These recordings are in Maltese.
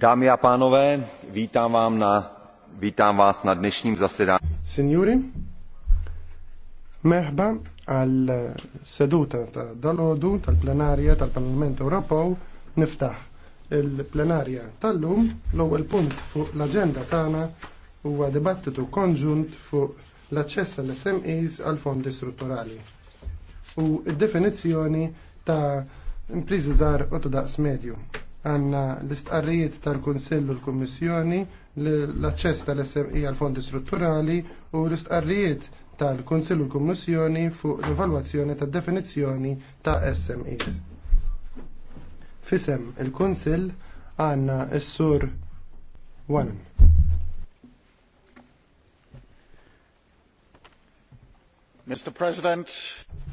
Dámy a pánové, vítám, vám na, vítám vás na dnešním zasedání. Signori, merhba al seduta ta' dalodu tal-plenarja tal-Parlament Ewropew niftaħ il-plenarja tal-lum l-ewwel punt fuq l-aġenda tagħna huwa dibattitu konġunt fuq l-aċċess għall smes għal fondi strutturali u d definizzjoni ta' impriżi żgħar u daqs medju għanna l-istqarrijiet tal-Konsillu l-Kommissjoni, l-aċċess tal-SMI e għal-fondi strutturali u l-istqarrijiet tal-Konsillu l-Kommissjoni fuq l-evalwazzjoni tad definizzjoni ta' SMIs. Fisem il-Konsill għanna s-sur 1. Mr. President,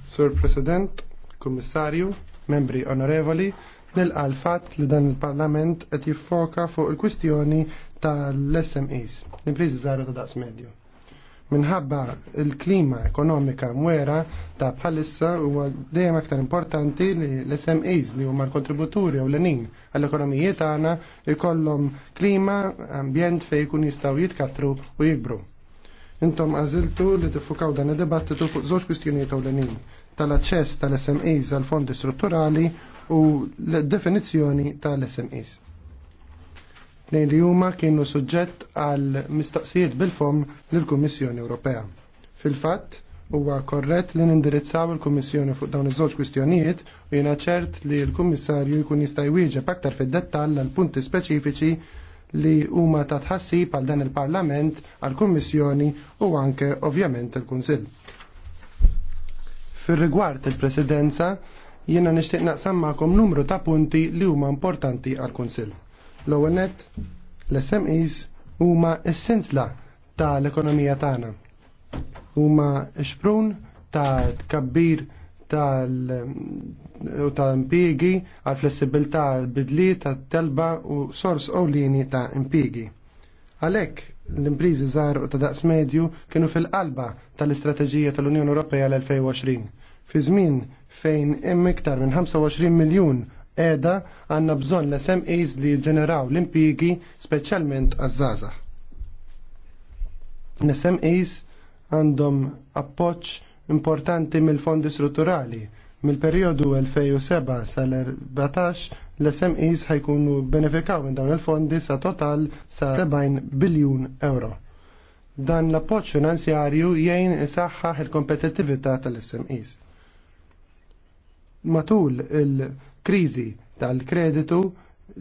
Sir President, Kommissarju, membri onorevoli, nilqa l-fatt li dan il-Parlament qed jiffoka fuq il-kwistjoni tal-SMEs, l imprizi żgħira ta' daqs medju minħabba il-klima ekonomika mwera ta' bħalissa huwa dejjem aktar importanti li l-SMEs li huma l-kontributuri u l-nin għall-ekonomiji tagħna ikollhom klima, ambjent fejn jkun jistgħu jitkattru u jikbru. Intom għażiltu li tiffukaw dan id-dibattitu fuq żewġ kwistjonijiet ewlenin tal-aċċess tal-SMEs għal fondi strutturali u l-definizzjoni tal-SMEs. Lejn li huma kienu suġġett għal mistaqsijiet bil-fom lill-Kummissjoni Ewropea. Fil-fatt, huwa korrett li nindirizzaw il-Kummissjoni fuq dawn iż-żewġ kwistjonijiet u jiena ċert li l-Kummissarju jkun jista' jwieġeb aktar fid-dettall għal punti speċifiċi li huma ta' tħassib għal dan il-Parlament, għal kummissjoni u anke ovvjament il-Kunsill. Fir-rigward il-Presidenza, jiena nixtieq naqsam ma'kom numru ta' punti li huma importanti għal kunsill L-ewwel nett, l-SMEs huma essenzla tal ekonomija tagħna. Huma xprun ta' tkabbir tal ta' impiegi għal flessibilità bidli ta' telba u sors ewlieni ta' impiegi. Għalhekk l-imprizi żgħar u ta' daqs medju kienu fil-qalba tal-istrateġija tal-Unjoni Ewropea l-2020. Fi żmien fejn hemm iktar minn 25 miljun qiegħda għandna bżonn l-SMEs li jġeneraw l-impjiegi speċjalment għaż-żgħażagħ. L-SMEs għandhom appoġġ importanti mill-fondi strutturali. Mill-perjodu 2007 sal-14 l-SMEs ħajkunu benefikaw minn dawn il-fondi sa total sa 70 biljun euro. Dan l-appoġġ finanzjarju jgħin isaħħaħ il-kompetittività tal-SMEs matul il-kriżi tal-kreditu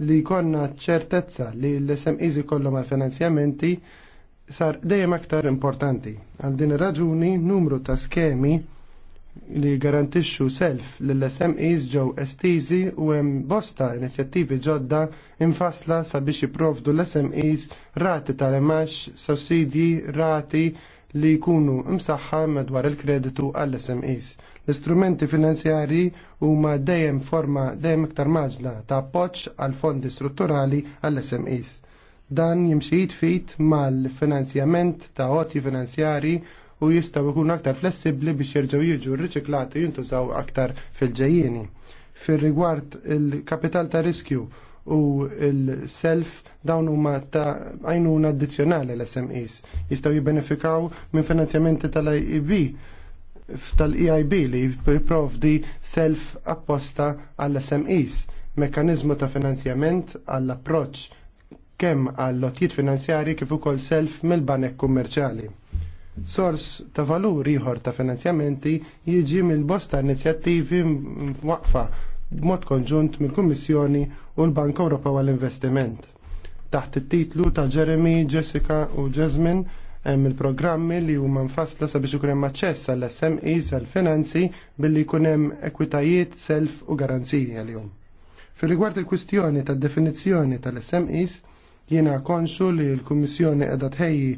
li konna ċertezza li l-SMEs kollhom għal finanzjamenti sar dejjem aktar importanti. Għal din ir-raġuni numru ta' skemi li garantixxu self lill-SMEs ġew estiżi u hemm bosta inizjattivi ġodda infasla sabiex jipprovdu l-SMEs rati tal-imax, sussidji, rati li jkunu msaħħa madwar il-kreditu għall-SMEs. L-istrumenti finanzjari huma dejjem forma dejjem iktar maġla ta' appoġġ għal fondi strutturali għall-SMEs. Dan jimxi jitfit mal-finanzjament ta' oti finanzjari u jistaw ikun aktar flessibli biex jerġgħu jiġu riċiklati jintużaw aktar fil-ġejjieni. Fir-rigward il-kapital ta' riskju u il-self dawn huma ta' għajnuna addizzjonali l-SMEs. Jistgħu jibbenefikaw minn finanzjamenti tal-IB tal-EIB li jiprovdi self apposta għall-SMEs, mekkaniżmu ta' finanzjament għall-approċ kemm għal lotjiet finanzjari kif ukoll self mill-banek kummerċali. Sors ta' valur ieħor ta' finanzjamenti jiġi mill-bosta inizjattivi waqfa b'mod konġunt mill-Kummissjoni u l-Bank Ewropa għall-Investiment. Taħt it-titlu ta' Jeremy, Jessica u Jasmine hemm il-programmi li huma mfassla sabiex ikun hemm aċċess għall smes għall-finanzi billi jkun hemm ekwitajiet self u garanziji għalihom. Fir-rigward il-kwistjoni tad-definizzjoni tal-SMEs, jiena konxu li l-Kummissjoni qiegħda tħejji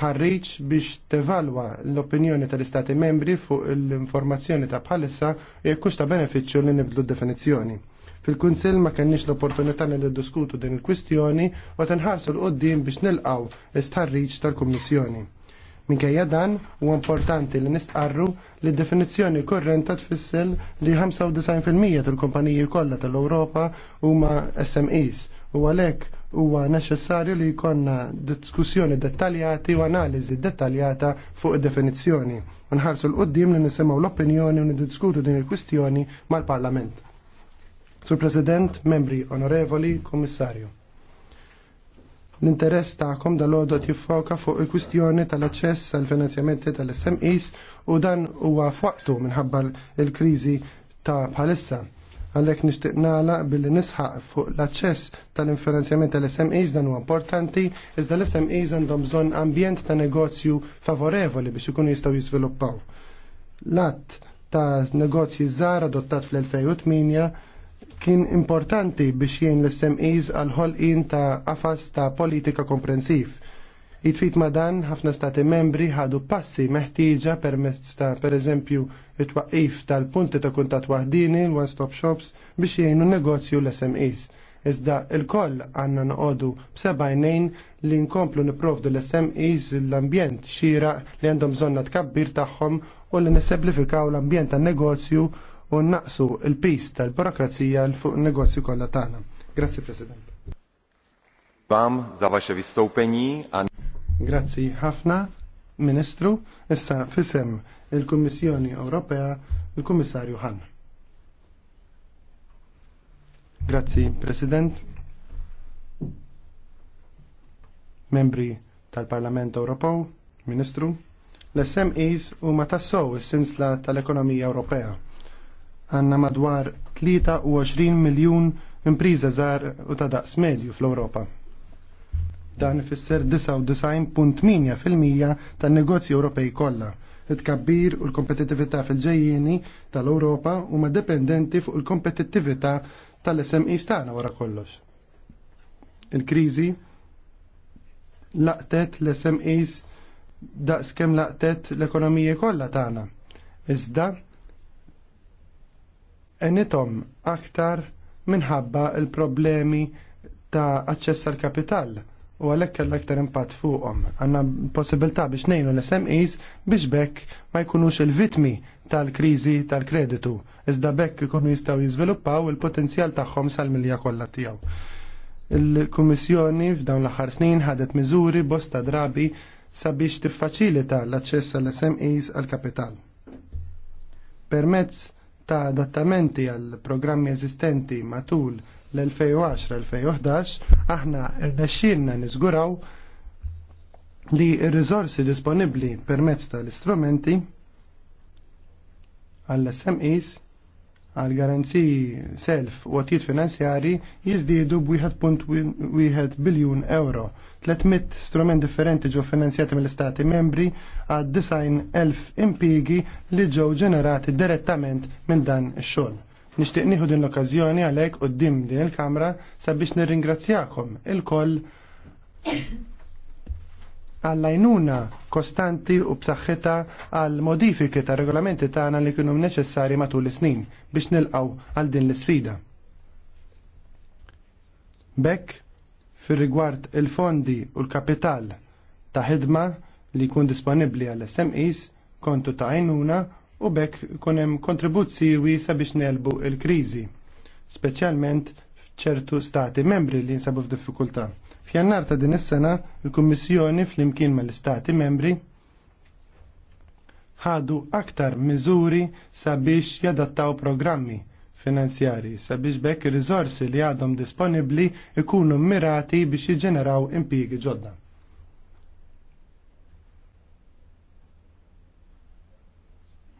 tħarriġ biex tevalwa l-opinjoni tal-Istati membri fuq l-informazzjoni ta' bħalissa jekk hux ta' benefiċċju li nibdlu d definizzjoni. Fil-Kunsill ma kenniex l-opportunità li niddiskutu din il-kwistjoni u tinħarsu l-qoddim biex nilqaw l-istarriċ tal-Kummissjoni. Minkejja dan, u importanti li nistqarru li definizzjoni korrenta tfissel li 95% tal-kumpaniji kollha tal-Ewropa huma SMEs u għalhekk huwa neċessarju li jkollna diskussjoni dettaljati u analiżi dettaljata fuq id definizzjoni. Nħarsu l-qoddim li nisimgħu l-opinjoni u niddiskutu din il-kwistjoni mal-Parlament. Sur President, membri onorevoli, Kommissarju. L-interess ta'kom dal-għodot jiffoka fuq il-kwistjoni tal-aċċess għal finanzjamenti tal-SMEs u dan huwa f'waqtu minħabba l-kriżi ta' bħalissa għalek nishtiq nala billi nisħaq fuq l-access tal finanzjamenti tal-SMEs dan huwa importanti, iżda l-SMEs għandhom bżon ambjent ta' negozju favorevoli biex ikunu jistaw jisviluppaw. L-att ta' negozji żgħar adottat fl-2008 kien importanti biex jien l-SMEs għal-ħolqin ta' qafas ta' politika komprensiv. Jitfit ma' dan, ħafna stati membri ħadu passi meħtieġa permezz ta' per eżempju it-twaqif tal-punti ta' kuntat waħdini, l-one-stop shops, biex jgħinu negozju l-SMEs. Iżda il-koll għanna noqodu b'sebajnejn li nkomplu niprovdu l-SMEs l-ambjent xira li għandhom zonna tkabbir tagħhom u li nisemplifikaw l-ambjent tan-negozju u naqsu il-pis tal-burokrazija l fuq negozju kollha tagħna. Grazzi President. Bam za vaše vystoupení Grazzi ħafna, Ministru, issa fisem il-Kummissjoni Ewropea, il-Kummissarju Han. Grazzi, President. Membri tal-Parlament Ewropew, Ministru, l-SMEs huma matassow is-sinsla tal-ekonomija Ewropea għanna madwar 23 miljon impriża zar u ta' daqs medju fl-Ewropa. Dan ifisser 99.8% tan-negozji Ewropej kollha. It-kabbir u l-kompetittività fil-ġejjieni tal-Ewropa huma dependenti fuq il-kompetittività tal-SMI stana wara kollox. Il-kriżi laqtet l-SMEs daqs kemm laqtet l-ekonomija kollha tagħna. Iżda enithom aktar minħabba il-problemi ta' aċċess al kapital u għalhekk kellha aktar impatt fuqhom. Għandna possibilità biex ngħinu l-SMEs biex bekk ma jkunux il-vitmi tal-kriżi tal-kreditu, iżda bekk ikunu jistgħu jiżviluppaw il-potenzjal tagħhom sal-milja kollha tiegħu. Il-Kummissjoni f'dawn l-aħħar snin ħadet miżuri bosta drabi sabiex tiffaċilita l-aċċess għall-SMEs għal kapital. Permezz ta' adattamenti għal programmi eżistenti matul l-2010-2011 aħna rnexxielna niżguraw li r-riżorsi disponibbli permezz tal-istrumenti għall-SMEs għal garanziji self u għatijiet finanzjari jizdidu b-1.1 biljun euro. 300 strument differenti ġo finanzjati mill-Stati membri għad 90.000 impigi li ġew ġenerati direttament minn dan ix-xogħol. Nixtieq nieħu din l-okkażjoni għalhekk dim din il-Kamra sabiex nirringrazzjakom il-koll għallajnuna kostanti u b'saħħitha għal modifiki ta' regolamenti tagħna li kienu neċessari matul is-snin biex nilqaw għal din l-isfida. Bekk, fir rigward il-fondi u l-kapital ta' ħidma li jkun disponibbli għall smis kontu ta' għajnuna u bekk kun hemm kontribuzzi wiesa biex nelbu l kriżi speċjalment f'ċertu stati membri li jinsabu f'diffikultà. F'jannar ta' din is-sena, il-Kummissjoni flimkien mal-Istati membri ħadu aktar miżuri sabiex jadattaw programmi finanzjari sabiex bekk ir-riżorsi li għadhom disponibbli ikunu mirati biex jiġġeneraw impjiegi ġodda.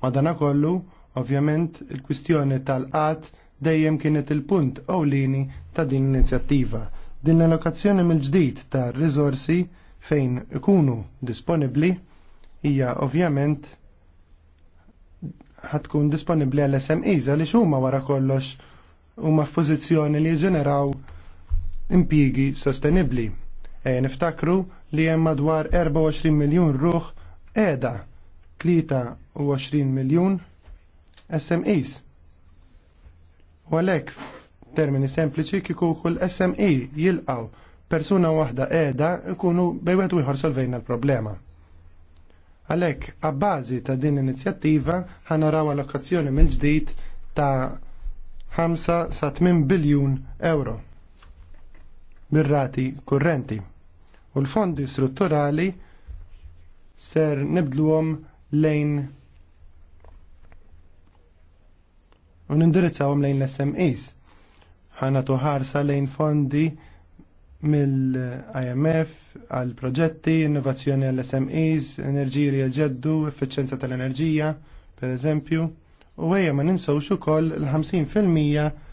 Madanakollu, ovvjament, il-kwistjoni tal-qat dejjem kienet il-punt ewlieni ta' din l-inizjattiva Din l-allokazzjoni mill-ġdid ta' rizorsi fejn ikunu disponibbli hija ovvjament ħatkun disponibbli għall SMEs għaliex huma wara kollox huma f'pożizzjoni li jġeneraw impjiegi sostenibbli. E niftakru li hemm madwar 24 miljun ruħ qiegħda 23 miljun SMEs. U għalhekk termini sempliċi kieku kull SME jilqaw persuna waħda qiegħda ikunu bejwet ieħor solvejna l-problema. Għalhekk għabbażi ta' din l-inizjattiva ħanaraw allokazzjoni mill-ġdid ta' 5 sa 8 biljun euro bir-rati kurrenti. U l-fondi strutturali ser nibdluhom lejn u nindirizzawhom lejn l-SMEs ħana tuħarsa lejn fondi mill-IMF għal proġetti, innovazzjoni għall SMEs, enerġiji li jġeddu, effiċenza tal-enerġija, per eżempju, u għajja ma ninsawx ukoll l-50%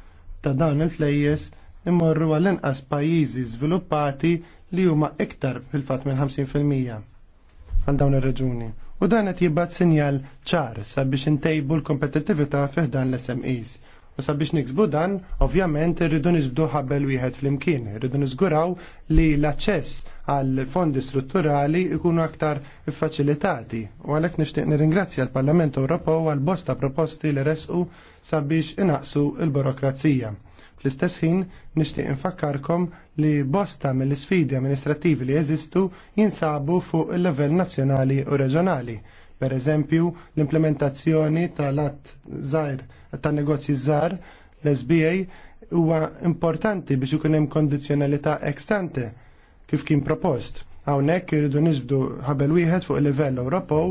ta' dawn il-flejjes imorru għall-inqas pajjiżi żviluppati li huma iktar fil-fatt minn 50% għal dawn ir reġuni U dan qed jibgħat sinjal ċar sabiex intejbu l-kompetittività fih dan l-SMEs U sabiex niksbu dan, ovvjament irridu nisbdu ħabel wieħed flimkien, irridu niżguraw li l-aċċess għal fondi strutturali ikunu aktar faċilitati. U għalhekk nixtieq nirringrazzja l-Parlament Ewropew għal bosta proposti li resqu sabiex inaqsu l-burokrazija. Fl-istess ħin nixtieq infakkarkom li bosta mill-isfidi amministrativi li jeżistu jinsabu fuq il-level nazzjonali u reġjonali Per eżempju, l-implementazzjoni tal-att zaħir, tan-negozji żgħar l-SBA huwa importanti biex ikun hemm kondizzjonalità ekstante kif kien propost. Hawnhekk irridu niġbdu ħabel wieħed fuq il-livell Ewropew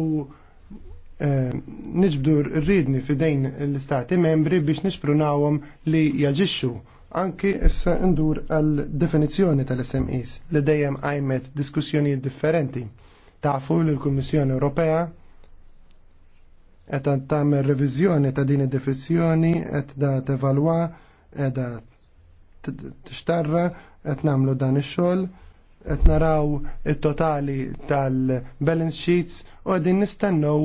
u eh, niġbdu rridni fidejn l-istati membri biex nixprunawhom li jaġixxu. Anki issa ndur għal definizzjoni tal-SMEs li dejjem għajmet diskussjonijiet differenti. Tafu li l-Kummissjoni Ewropea qed tagħmel reviżjoni ta' din id-definizzjoni qed da tevalwa qiegħda tixtarra qed nagħmlu dan ix-xogħol qed naraw it-totali tal-balance sheets u qegħdin nistennew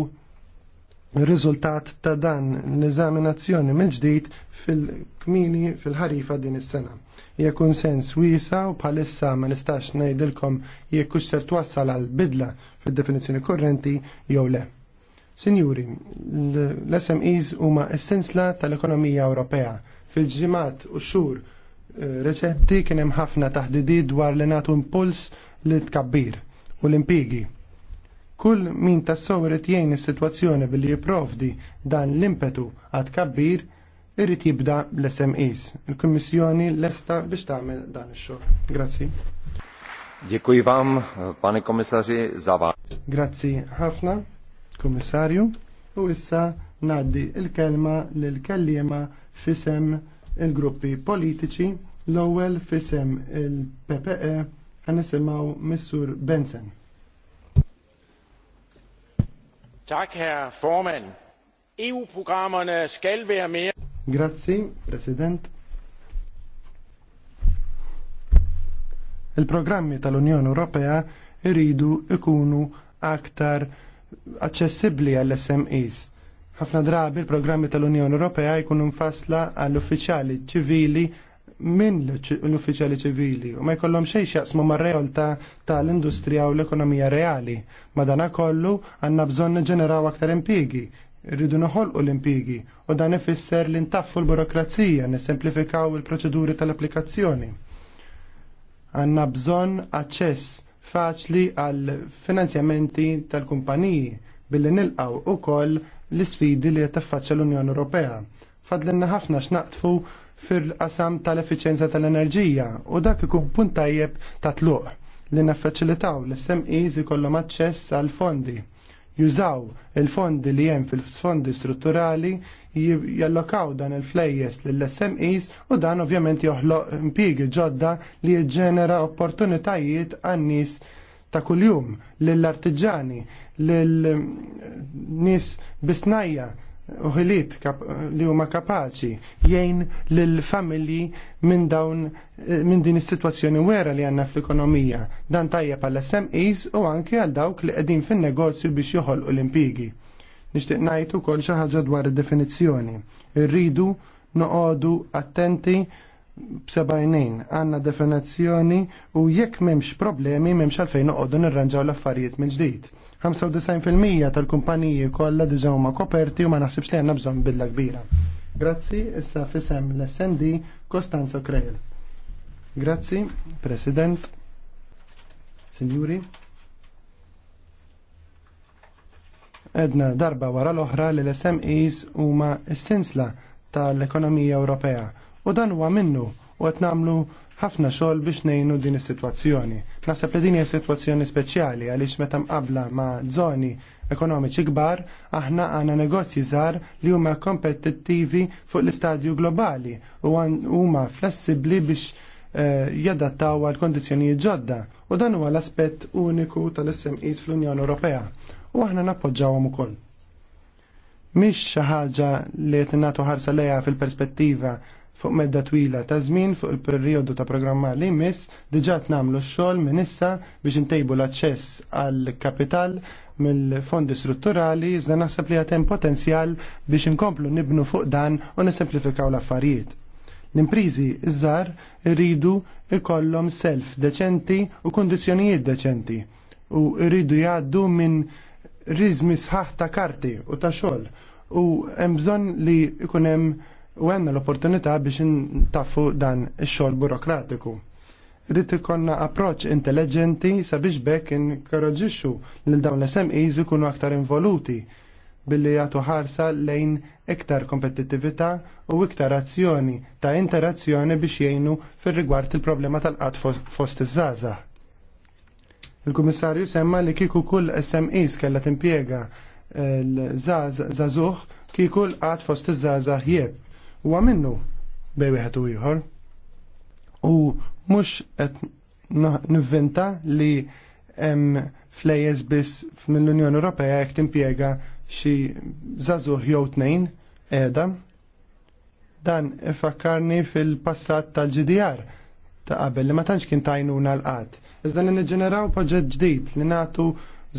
riżultat ta' dan l-eżaminazzjoni mill-ġdid fil-kmini fil-ħarifa din is-sena. Hija sens wiesa u bħalissa ma nistax ngħidilkom jekk hux ser twassal għal bidla fid-definizzjoni korrenti jew le. Sinjuri, l-SMEs huma essenzla tal-ekonomija Ewropea. Fil-ġimgħat u xhur eh, reċenti kien hemm ħafna taħdidiet dwar li nagħtu impuls li tkabbir u l-impigi Kull min ta' irid jgħin is-sitwazzjoni billi jipprovdi dan l-impetu għad kabbir irrid jibda l-SMEs. Il-Kummissjoni lesta biex tagħmel dan ix-xogħol. Grazzi. Dziękuję wam, panie komisarzu, za wam. Grazzi ħafna, kummissarju. U issa naddi il-kelma lill-kelliema fisem il-gruppi politiċi l-ewwel fisem il-PPE nisimgħu Missur Benson. Tak, herr EU-programmerne skal være mere... Grazie, President. Il-programmi tal-Unjoni Ewropea iridu ikunu aktar aċċessibbli għall-SMEs. Ħafna drabi il-programmi tal-Unjoni Ewropea jkunu mfassla għall-uffiċjali ċivili minn l-uffiċjali ċivili u ma jkollhom xejn jaqsmu mar-realtà tal-industrija u l-ekonomija reali. Madanakollu kollu għandna bżonn niġġeneraw aktar impigi, rridu noħolqu l-impigi u dan ifisser li ntaffu l-burokrazija, nisemplifikaw il-proċeduri tal-applikazzjoni. Għandna bżonn aċċess faċli għal finanzjamenti tal-kumpaniji billi nilqaw ukoll l isfidi li jtaffaċċa l-Unjoni Ewropea. Fadlinna ħafna x'naqtfu fil-qasam tal-efficienza tal-enerġija u dak ikun punt tajjeb ta' tluq li naffaċilitaw l-SMEs ikollhom aċċess għal fondi. Jużaw il-fondi li hemm fil-fondi strutturali jallokaw dan il-flejjes lill-SMEs u dan ovvjament joħloq impiegi ġodda li jġenera opportunitajiet għan-nies ta' kuljum lill-artiġani, lill-nies bisnajja uħiliet li huma kapaċi jgħin lil familji minn dawn eh, minn din is-sitwazzjoni wera li għandna fl-ekonomija. Dan tajjeb għall SMEs u anke għal dawk li qegħdin fin-negozju biex joħolqu l-impigi. Nixtieq ngħid ukoll xi ħaġa dwar id-definizzjoni. Irridu noqogħdu attenti b'sebajnejn għandna definizzjoni u jekk m'hemmx problemi m'hemmx għalfejn noqogħdu nirranġaw l-affarijiet minn ġdid 95% tal-kumpaniji kollha diġà huma koperti u ma naħsibx li għandna bżonn billa kbira. Grazzi, issa fisem l-SND Costanzo Krejl. Grazzi, President, Signori. Edna darba wara l-oħra li l-SMEs huma s-sinsla tal-ekonomija Ewropea u dan huwa minnu u qed nagħmlu ħafna xogħol biex ngħinu din is-sitwazzjoni. Naħseb li din hija sitwazzjoni speċjali għaliex meta mqabla ma' żoni ekonomiċi kbar, aħna għandna negozji żgħar li huma kompetittivi fuq l-istadju globali u huma flessibbli biex eh, jadattaw għal kondizjonijiet ġodda u dan huwa l-aspett uniku tal-SMEs fl-Unjoni Ewropea u aħna nappoġġawhom ukoll. Mhix xi ħaġa li qed ħarsa lejha fil-perspettiva fuq medda twila ta' żmien fuq il-perjodu ta' programmar li jmiss diġà tnamlu x-xogħol minn issa biex intejbu l-aċċess għal kapital mill-fondi strutturali iżda naħseb li għatem potenzjal biex inkomplu nibnu fuq dan u nisimplifikaw l-affarijiet. L-imprizi iżżar rridu ikollhom self deċenti u kundizzjonijiet deċenti u rridu jgħaddu minn riżmi sħaħ ta' karti u ta' xogħol u hemm bżonn li ikun hemm u għanna l-opportunità biex taffu dan ix-xogħol burokratiku. Rrid ikonna approċċ intelligenti sabiex bekk inkoraġixxu lil dawn l-SMEs ikunu aktar involuti billi jagħtu ħarsa lejn iktar kompetittività u iktar azzjoni ta' interazzjoni biex jgħinu fir-rigward il-problema tal-qatt fost iż-żgħażagħ. Il-Kummissarju semma li kieku kull SMEs kellha timpjega eh, l-żagħżugħ kieku l-qatt fost iż-żgħażagħ jieb huwa minnu bej wieħed u ieħor. U mhux qed nivventa li hemm flejes biss mill-Unjoni Ewropea jekk timpjega xi żagħżugħ jew tnejn qiegħda. Dan ifakkarni fil-passat tal-GDR ta' qabel li ma tantx kien tajnuna l-qatt. Iżda li niġġeneraw proġett ġdid li nagħtu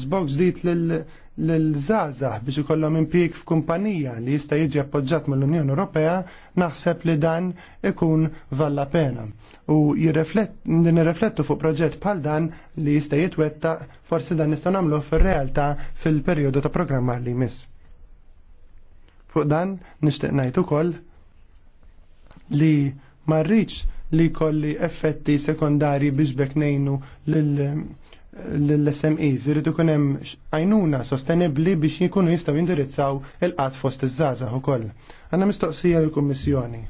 żbok ġdid lil l-żazah biex ikollhom impjieg f'kumpanija li jista' jiġi appoġġjat mill-Unjoni Ewropea, naħseb li dan ikun valla pena. U nirreflettu fuq proġett bħal dan li jista' jitwetta forsi dan nistgħu nagħmlu fir-realtà fil-perjodu ta' programma li jmiss. Fuq dan nixtieq ngħid ukoll li ma rridx li kolli effetti sekondari biex beknejnu lil l-SMEs irridu kun hemm għajnuna sostenibbli biex jkunu jistgħu jindirizzaw il-qatt fost iż-żgħażagħ ukoll. Għandna mistoqsija l-Kummissjoni.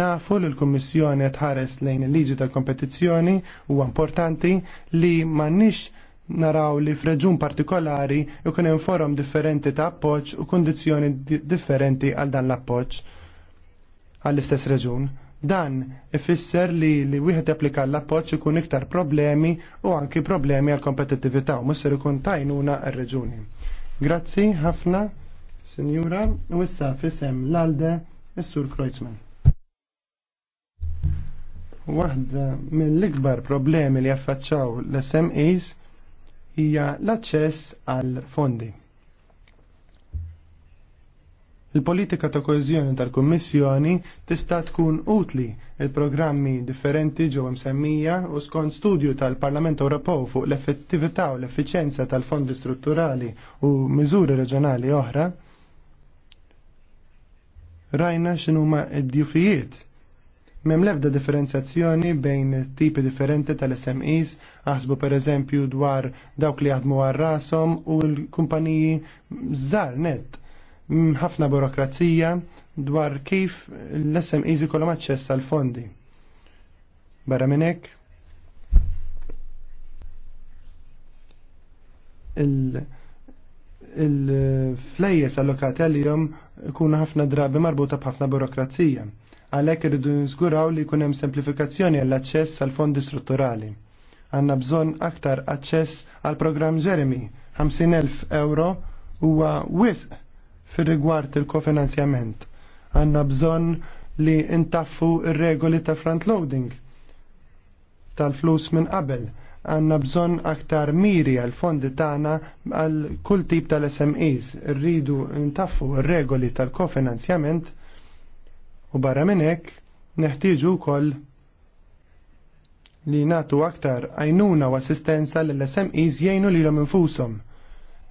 Nafu li l-Kummissjoni qed tħares lejn il-liġi tal-kompetizzjoni huwa importanti li m'għandniex naraw li f'reġun partikolari ikun hemm forom differenti ta' appoġġ u kundizzjoni differenti għal dan l-appoġġ għall-istess reġun. Dan ifisser li li wieħed applika l-appoġġ ikun iktar problemi u anki problemi għal kompetittività u musser ikun tajnuna r-reġuni. Grazzi ħafna, Sinjura, u issa fisem l-alde is-Sur Kreuzman. Waħda mill-ikbar problemi li affaċċaw l-SMEs hija l-aċċess għal fondi. Il-politika ta' koezjoni tal-Kummissjoni tista' tkun utli il-programmi differenti ġew msemmija u skont studju tal-Parlament Ewropew fuq l-effettività u l-effiċenza tal-fondi strutturali u miżuri reġjonali oħra. Rajna x'inhuma d-djufijiet Mem lebda differenzjazzjoni bejn tipi differenti tal-SMEs, aħsbu per eżempju dwar dawk li jaħdmu għal rasom u l-kumpaniji żar net Mm, ħafna burokrazija dwar kif l-SMEs ikollhom aċċess għal fondi. Barra minn hekk il-flejjes allokati għalihom ikunu ħafna drabi marbuta b'ħafna burokrazija. Għalhekk irridu nżguraw li jkun hemm semplifikazzjoni għall-aċċess għal fondi strutturali. Għandna bżonn aktar aċċess għal programm Jeremy 50.000 euro huwa wisq fir rigward il-kofinanzjament. Għanna bżonn li intaffu il regoli ta' front-loading tal-flus minn qabel. Għanna bżonn aktar miri għal fondi tagħna għal kull tip tal-SMEs. Rridu intaffu il regoli tal-kofinanzjament u barra minn hekk neħtieġu wkoll li natu aktar għajnuna u assistenza l-SMEs jgħinu li l-om infusom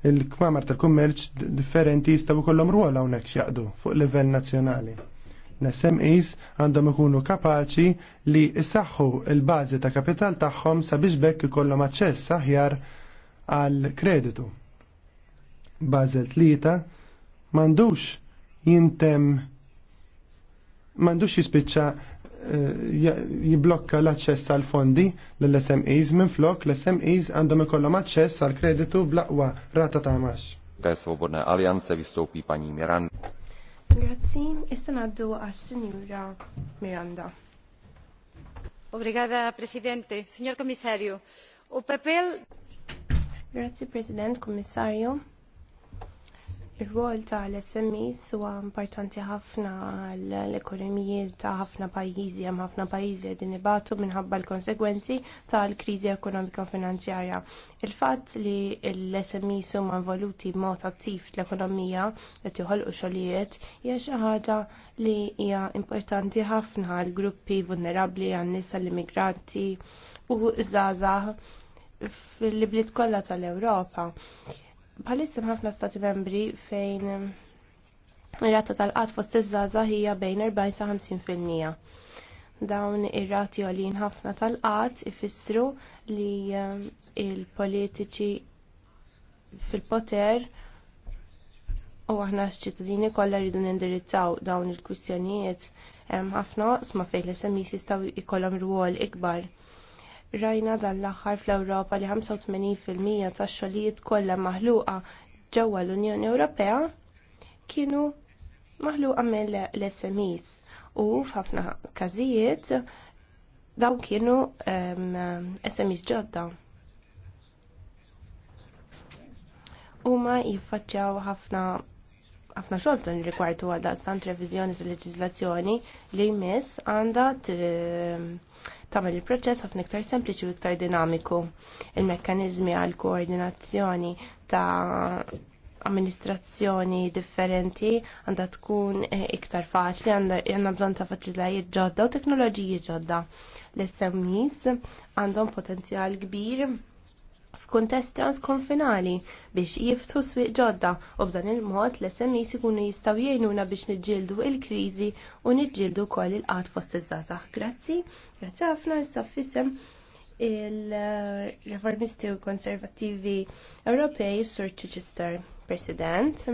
il-kmamar tal-kummerċ differenti jistaw kollom ruola hawnhekk x'jaqdu fuq livell nazzjonali. L-SMEs għandhom ikunu kapaċi li issaħħu il-bażi ta' kapital tagħhom sabiex bekk ikollhom aċċess saħjar għal kreditu. Bażel tlieta m'għandux jintem m'għandux jispiċċa Eh, jiblokka l access għal fondi l-SMEs minn flok l-SMEs għandhom ikollhom access għal kreditu blaqwa rata ta' max. Svobodna Aljanza vistopi pani Miran. Grazzi, issa għaddu għas-Sinjura Miranda. Obrigada, Presidente. Signor Commissario, u papel... Grazie, President, Commissario. Ir-rol tal-SMEs huwa importanti ħafna l-ekonomiji ta' ħafna pajjiżi hemm ħafna pajjiżi qegħdin ibatu minħabba l-konsegwenzi tal-kriżi ekonomika u finanzjarja. Il-fatt li l-SMEs huma involuti b'mod attiv l-ekonomija qed joħolqu xogħlijiet hija xi ħaġa li hija importanti ħafna għal gruppi vulnerabbli għan-nies għall immigranti u żgħażagħ fil-bliet kollha tal-Ewropa bħalissa ħafna stati membri fejn ir-rata tal-qatt fost iż-żgħażagħ hija bejn 40 sa 50 fil-mija. Dawn ir-rati għalin ħafna tal-qatt ifissru li eh, il-politiċi fil-poter u aħna x-ċittadini kollha rridu nindirizzaw dawn il-kwistjonijiet hemm ħafna sma fejn l-SMI jistgħu jkollhom rwol ikbar. Rajna dan l-aħħar fl-Ewropa li 85% tax-xogħlijiet kollha maħluqa ġewwa l-Unjoni Ewropea kienu maħluqa mill l-SMEs u f'ħafna każijiet dawn kienu um, ehm, SMEs ġodda. Huma jiffaċċjaw ħafna ħafna xogħol dan rigward huwa stant reviżjoni tal leġiżlazzjoni li jmiss għandha tagħmel il-proċess ħafna iktar sempliċi u iktar dinamiku. Il-mekkaniżmi għal koordinazzjoni ta' amministrazzjoni differenti għandha tkun eh, iktar faċli, għandha bżonn ta' faċilitajiet ġodda u teknoloġiji ġodda. L-SMEs għandhom potenzjal kbir f'kuntest transkonfinali biex jiftu swieq ġodda u b'dan il-mod l-SMEs ikunu jistgħu jgħinuna biex niġġieldu il-kriżi u niġġieldu wkoll il qat fost iż-żgħażagħ. Grazzi, grazzi ħafna issa fissem il-Reformisti u Konservattivi Ewropej Sur Chichester President.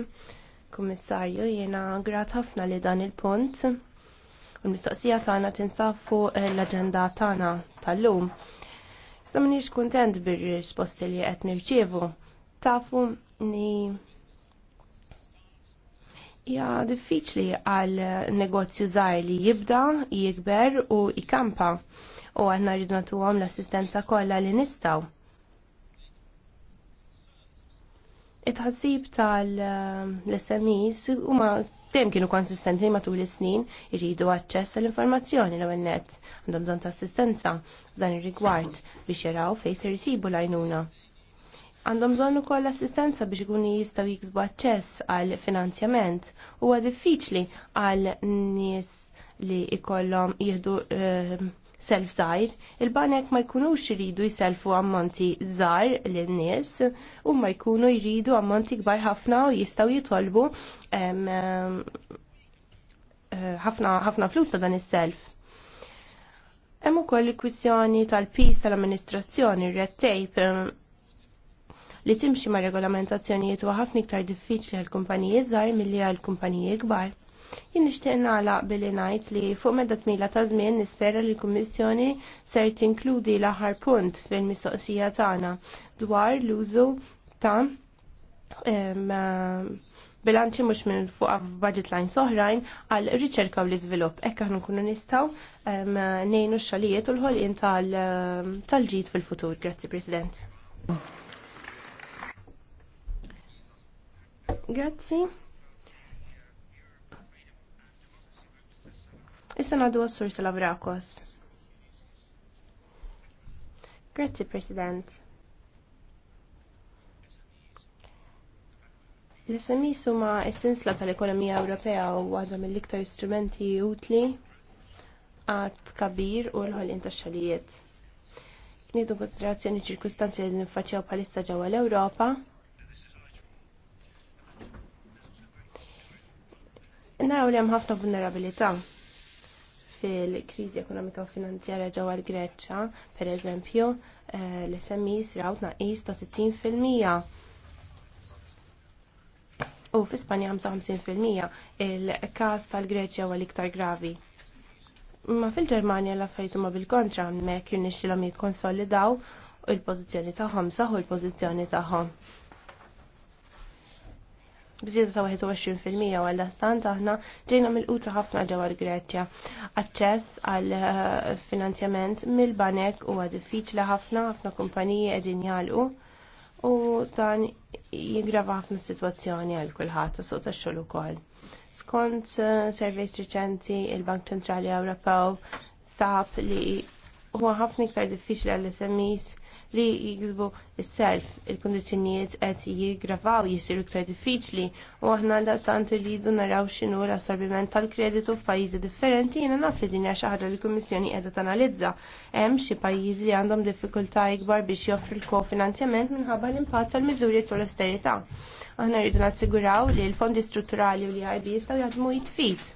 Kummissarju, jiena grat ħafna li dan il-punt. U l-mistoqsija tagħna tinsab fuq l-aġenda tagħna tal-lum. Sa minix kontent bir-risposti li qed nirċievu. Tafu ni ja diffiċli għal negozju żgħar li jibda, jikber u jkampa u għadna rridu nagħtuhom l-assistenza kollha li nistgħu. it tal tal u huma dejjem kienu konsistenti matul is-snin iridu aċċess l-informazzjoni l net għandhom bżonn ta' assistenza f'dan ir-rigward biex jaraw fejn se jsibu l-għajnuna. Għandhom bżonn ukoll assistenza biex ikunu jistgħu jiksbu aċċess għal finanzjament huwa diffiċli għal nies li ikollhom jieħdu uh, self żgħir, il-banek ma jkunux iridu jselfu ammonti żgħar lin-nies u ma jkunu jridu ammonti kbar ħafna u jistgħu jitolbu eh, ħafna flus ta' dan is-self. Hemm ukoll il-kwistjoni tal-pis tal-amministrazzjoni, red tape, li timxi ma' regolamentazzjonijiet huwa ħafna iktar diffiċli għall kumpaniji żgħar milli għall kumpaniji kbar. Jien nixtieq nagħlaq billi ngħid li fuq medda tmila ta' żmien nispera li l-Kummissjoni ser tinkludi l-aħħar punt fil-mistoqsija tagħna dwar l-użu ta' bilanċi mhux minn fuq budget line soħrajn għal riċerka u l-iżvilupp. Hekk aħna nkunu nistgħu ngħinu x-xogħlijiet u l-ħolqien tal-ġid fil-futur. Grazzi President. Grazzi. Issa ngħaddu għas-Sur Salavrakos. Grazzi, President. L-SMIs huma essenzla tal-ekonomija Ewropea u waħda mill-iktar istrumenti utli għad kabir u l ħol tax Nidu konsiderazzjoni ċirkustanzi li niffaċċjaw bħalissa ġewwa l-Ewropa. Naraw li hemm ħafna vulnerabilità fil-kriżi ekonomika u finanzjarja ġewwa l-Greċċa, pereżempju, eh, l-SMEs raw tnaqis ta' 60%. U fi Spanja 55% il-każ tal-Greċja huwa l-iktar gravi. Ma fil-Ġermanja l-affarijiet huma bil-kontra hemmhekk jirnexxilhom jikkonsolidaw il-pożizzjoni tagħhom saħu l-pożizzjoni tagħhom bżieda ta' 21% għalla stant aħna ġejna mill-quta ħafna ġewwa l-Greċja. Aċċess għal eh, finanzjament mill-banek huwa diffiċli ħafna, ħafna kumpaniji qegħdin jagħlqu u dan jiggrava ħafna sitwazzjoni għal kulħadd suq tax-xogħol ukoll. Skont eh, servizz riċenti il-Bank Ċentrali Ewropew sab li huwa ħafna iktar diffiċli għall SMEs li jiksbu s-self il kondizjoniet qed jiggravaw jisiru iktar diffiċli u aħna l-dastant li jidu naraw x'inhu l-assorbiment tal-kreditu f'pajjiżi differenti jiena naf li din hija xi ħaġa li l-Kummissjoni qiegħda tanalizza. Hemm xi pajjiżi li għandhom diffikultà ikbar biex joffri l-kofinanzjament minħabba l-impatt tal-miżuri tul l-austerità. Aħna rridu nassiguraw li l-fondi strutturali u li IB jistgħu jaħdmu jitfit.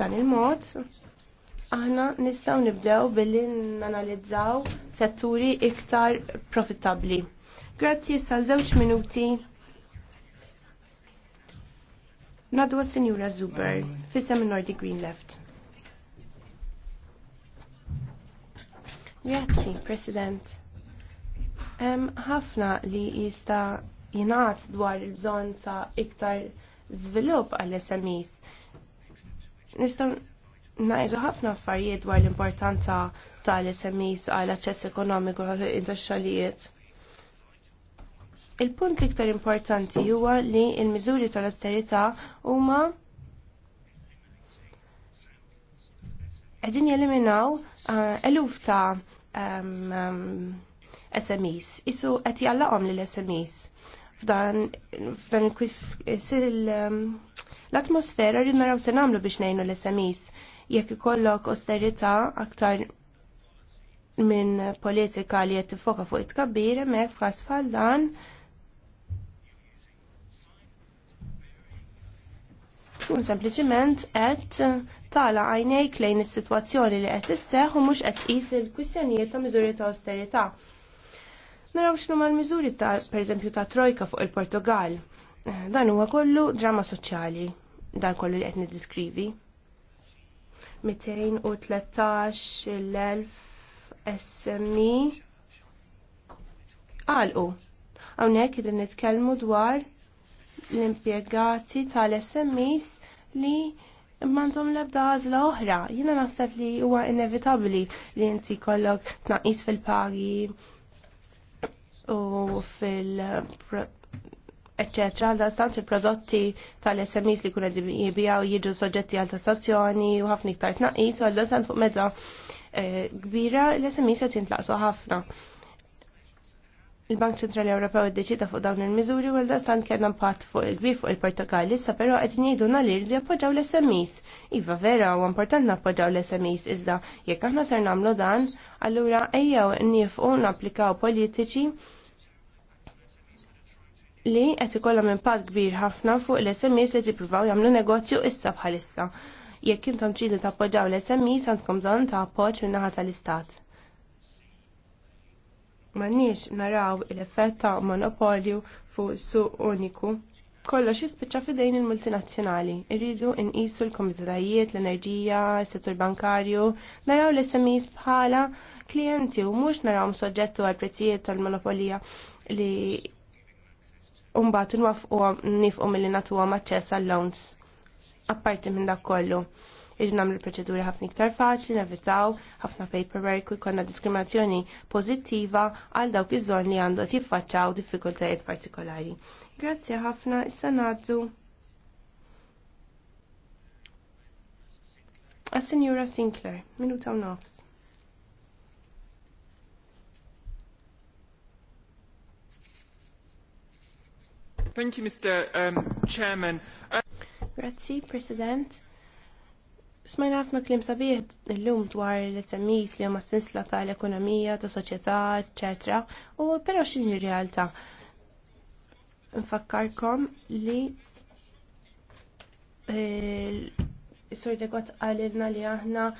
Dan il-mod, Aħna nistgħu nibdew billi nanalizzaw setturi iktar profittabbli. Grazzi sa' żewġ minuti. Nadwa Sinjura Zuber, fissem Nordi Green Left. Grazzi, President. ħafna li jista' jingħad dwar il-bżonn ta' iktar żvilupp għall-SMEs. Nistgħu Najdu ħafna affarijiet dwar l-importanza tal-SMEs għal aċċess ekonomiku għal industrialijiet. Il-punt l-iktar importanti huwa li l-miżuri tal-austerità huma qegħdin jeliminaw eh, eluf ta' SMEs. Isu qed jallaqhom lill SMEs f'dan il-kif l-atmosfera rrid naraw se nagħmlu biex ngħinu l-SMEs jekk ikollok osterità aktar minn politika li qed tiffoka fuq it-tkabbir hemmhekk f'każ bħal dan tkun sempliċiment qed tala għajnejk lejn is-sitwazzjoni li qed isseħħ u mhux qed tqis il-kwistjonijiet ta' miżuri ta' osterità. Naraw x'nu mal-miżuri ta' pereżempju ta' trojka fuq il-Portugal. Eh, dan huwa kollu dramma soċjali, dan kollu li qed niddiskrivi. 213.000 SMI għalqu. Għawnek id nitkellmu dwar l-impiegati tal-SMIs li mandom lebda għazla oħra. Jina naħseb li huwa inevitabli li inti kollok tnaqis fil-pagi u fil eccetera, għal stant il-prodotti tal-SMEs li kuna jibijaw jiġu soġġetti għal tassazzjoni u ħafna iktar tnaqis, għal stant fuq medda eh, kbira l-SMEs qed jintlaqsu ħafna. Il-Bank Ċentrali Ewropew iddeċida fuq dawn il-miżuri u l-dastan kena impatt fuq il-kbir fuq il-Portugal issa però qed jgħidulna li jridu l-SMEs. Iva vera u importanti appoġaw l-SMEs iżda jekk aħna ser nagħmlu dan, allura ejjew nifqu napplikaw politiċi li qed ikollhom impatt kbir ħafna fuq l-SMEs li jippruvaw jagħmlu negozju issa bħalissa. Jekk intom tridu tappoġġaw l-SMEs għandkom bżonn ta' appoġġ min-naħa tal-Istat. M'għandniex naraw l-effett ta' monopolju fuq suq uniku. Kollox jispiċċa fidejn il-multinazzjonali. Irridu nqisu l komitatajiet l-enerġija, s-settur bankarju, naraw l-SMEs bħala klijenti u mhux narawhom soġġettu għal prezzijiet tal-monopolija li Umbat nwafqu nifqu mill-li natu għom aċċess għall-loans. Apparti minn dak kollu. Iġnam l-proċeduri ħafna iktar faċli, nevitaw ħafna paperwork u jkollna diskriminazzjoni pozittiva għal dawk iż li għandu jiffaċċaw diffikultajiet partikolari. Grazzi ħafna, issa naddu. A sinjura Sinclair, minuta u nofs. Thank you, Mr. Um, Chairman. Grazzi, President. Smajna ħafna klim sabiħ l-lum dwar l-SMEs li huma sinsla tal-ekonomija, ta' soċjetà, etc. U però x'inhi realtà? Nfakkarkom li eh, s-sortegot għalilna li aħna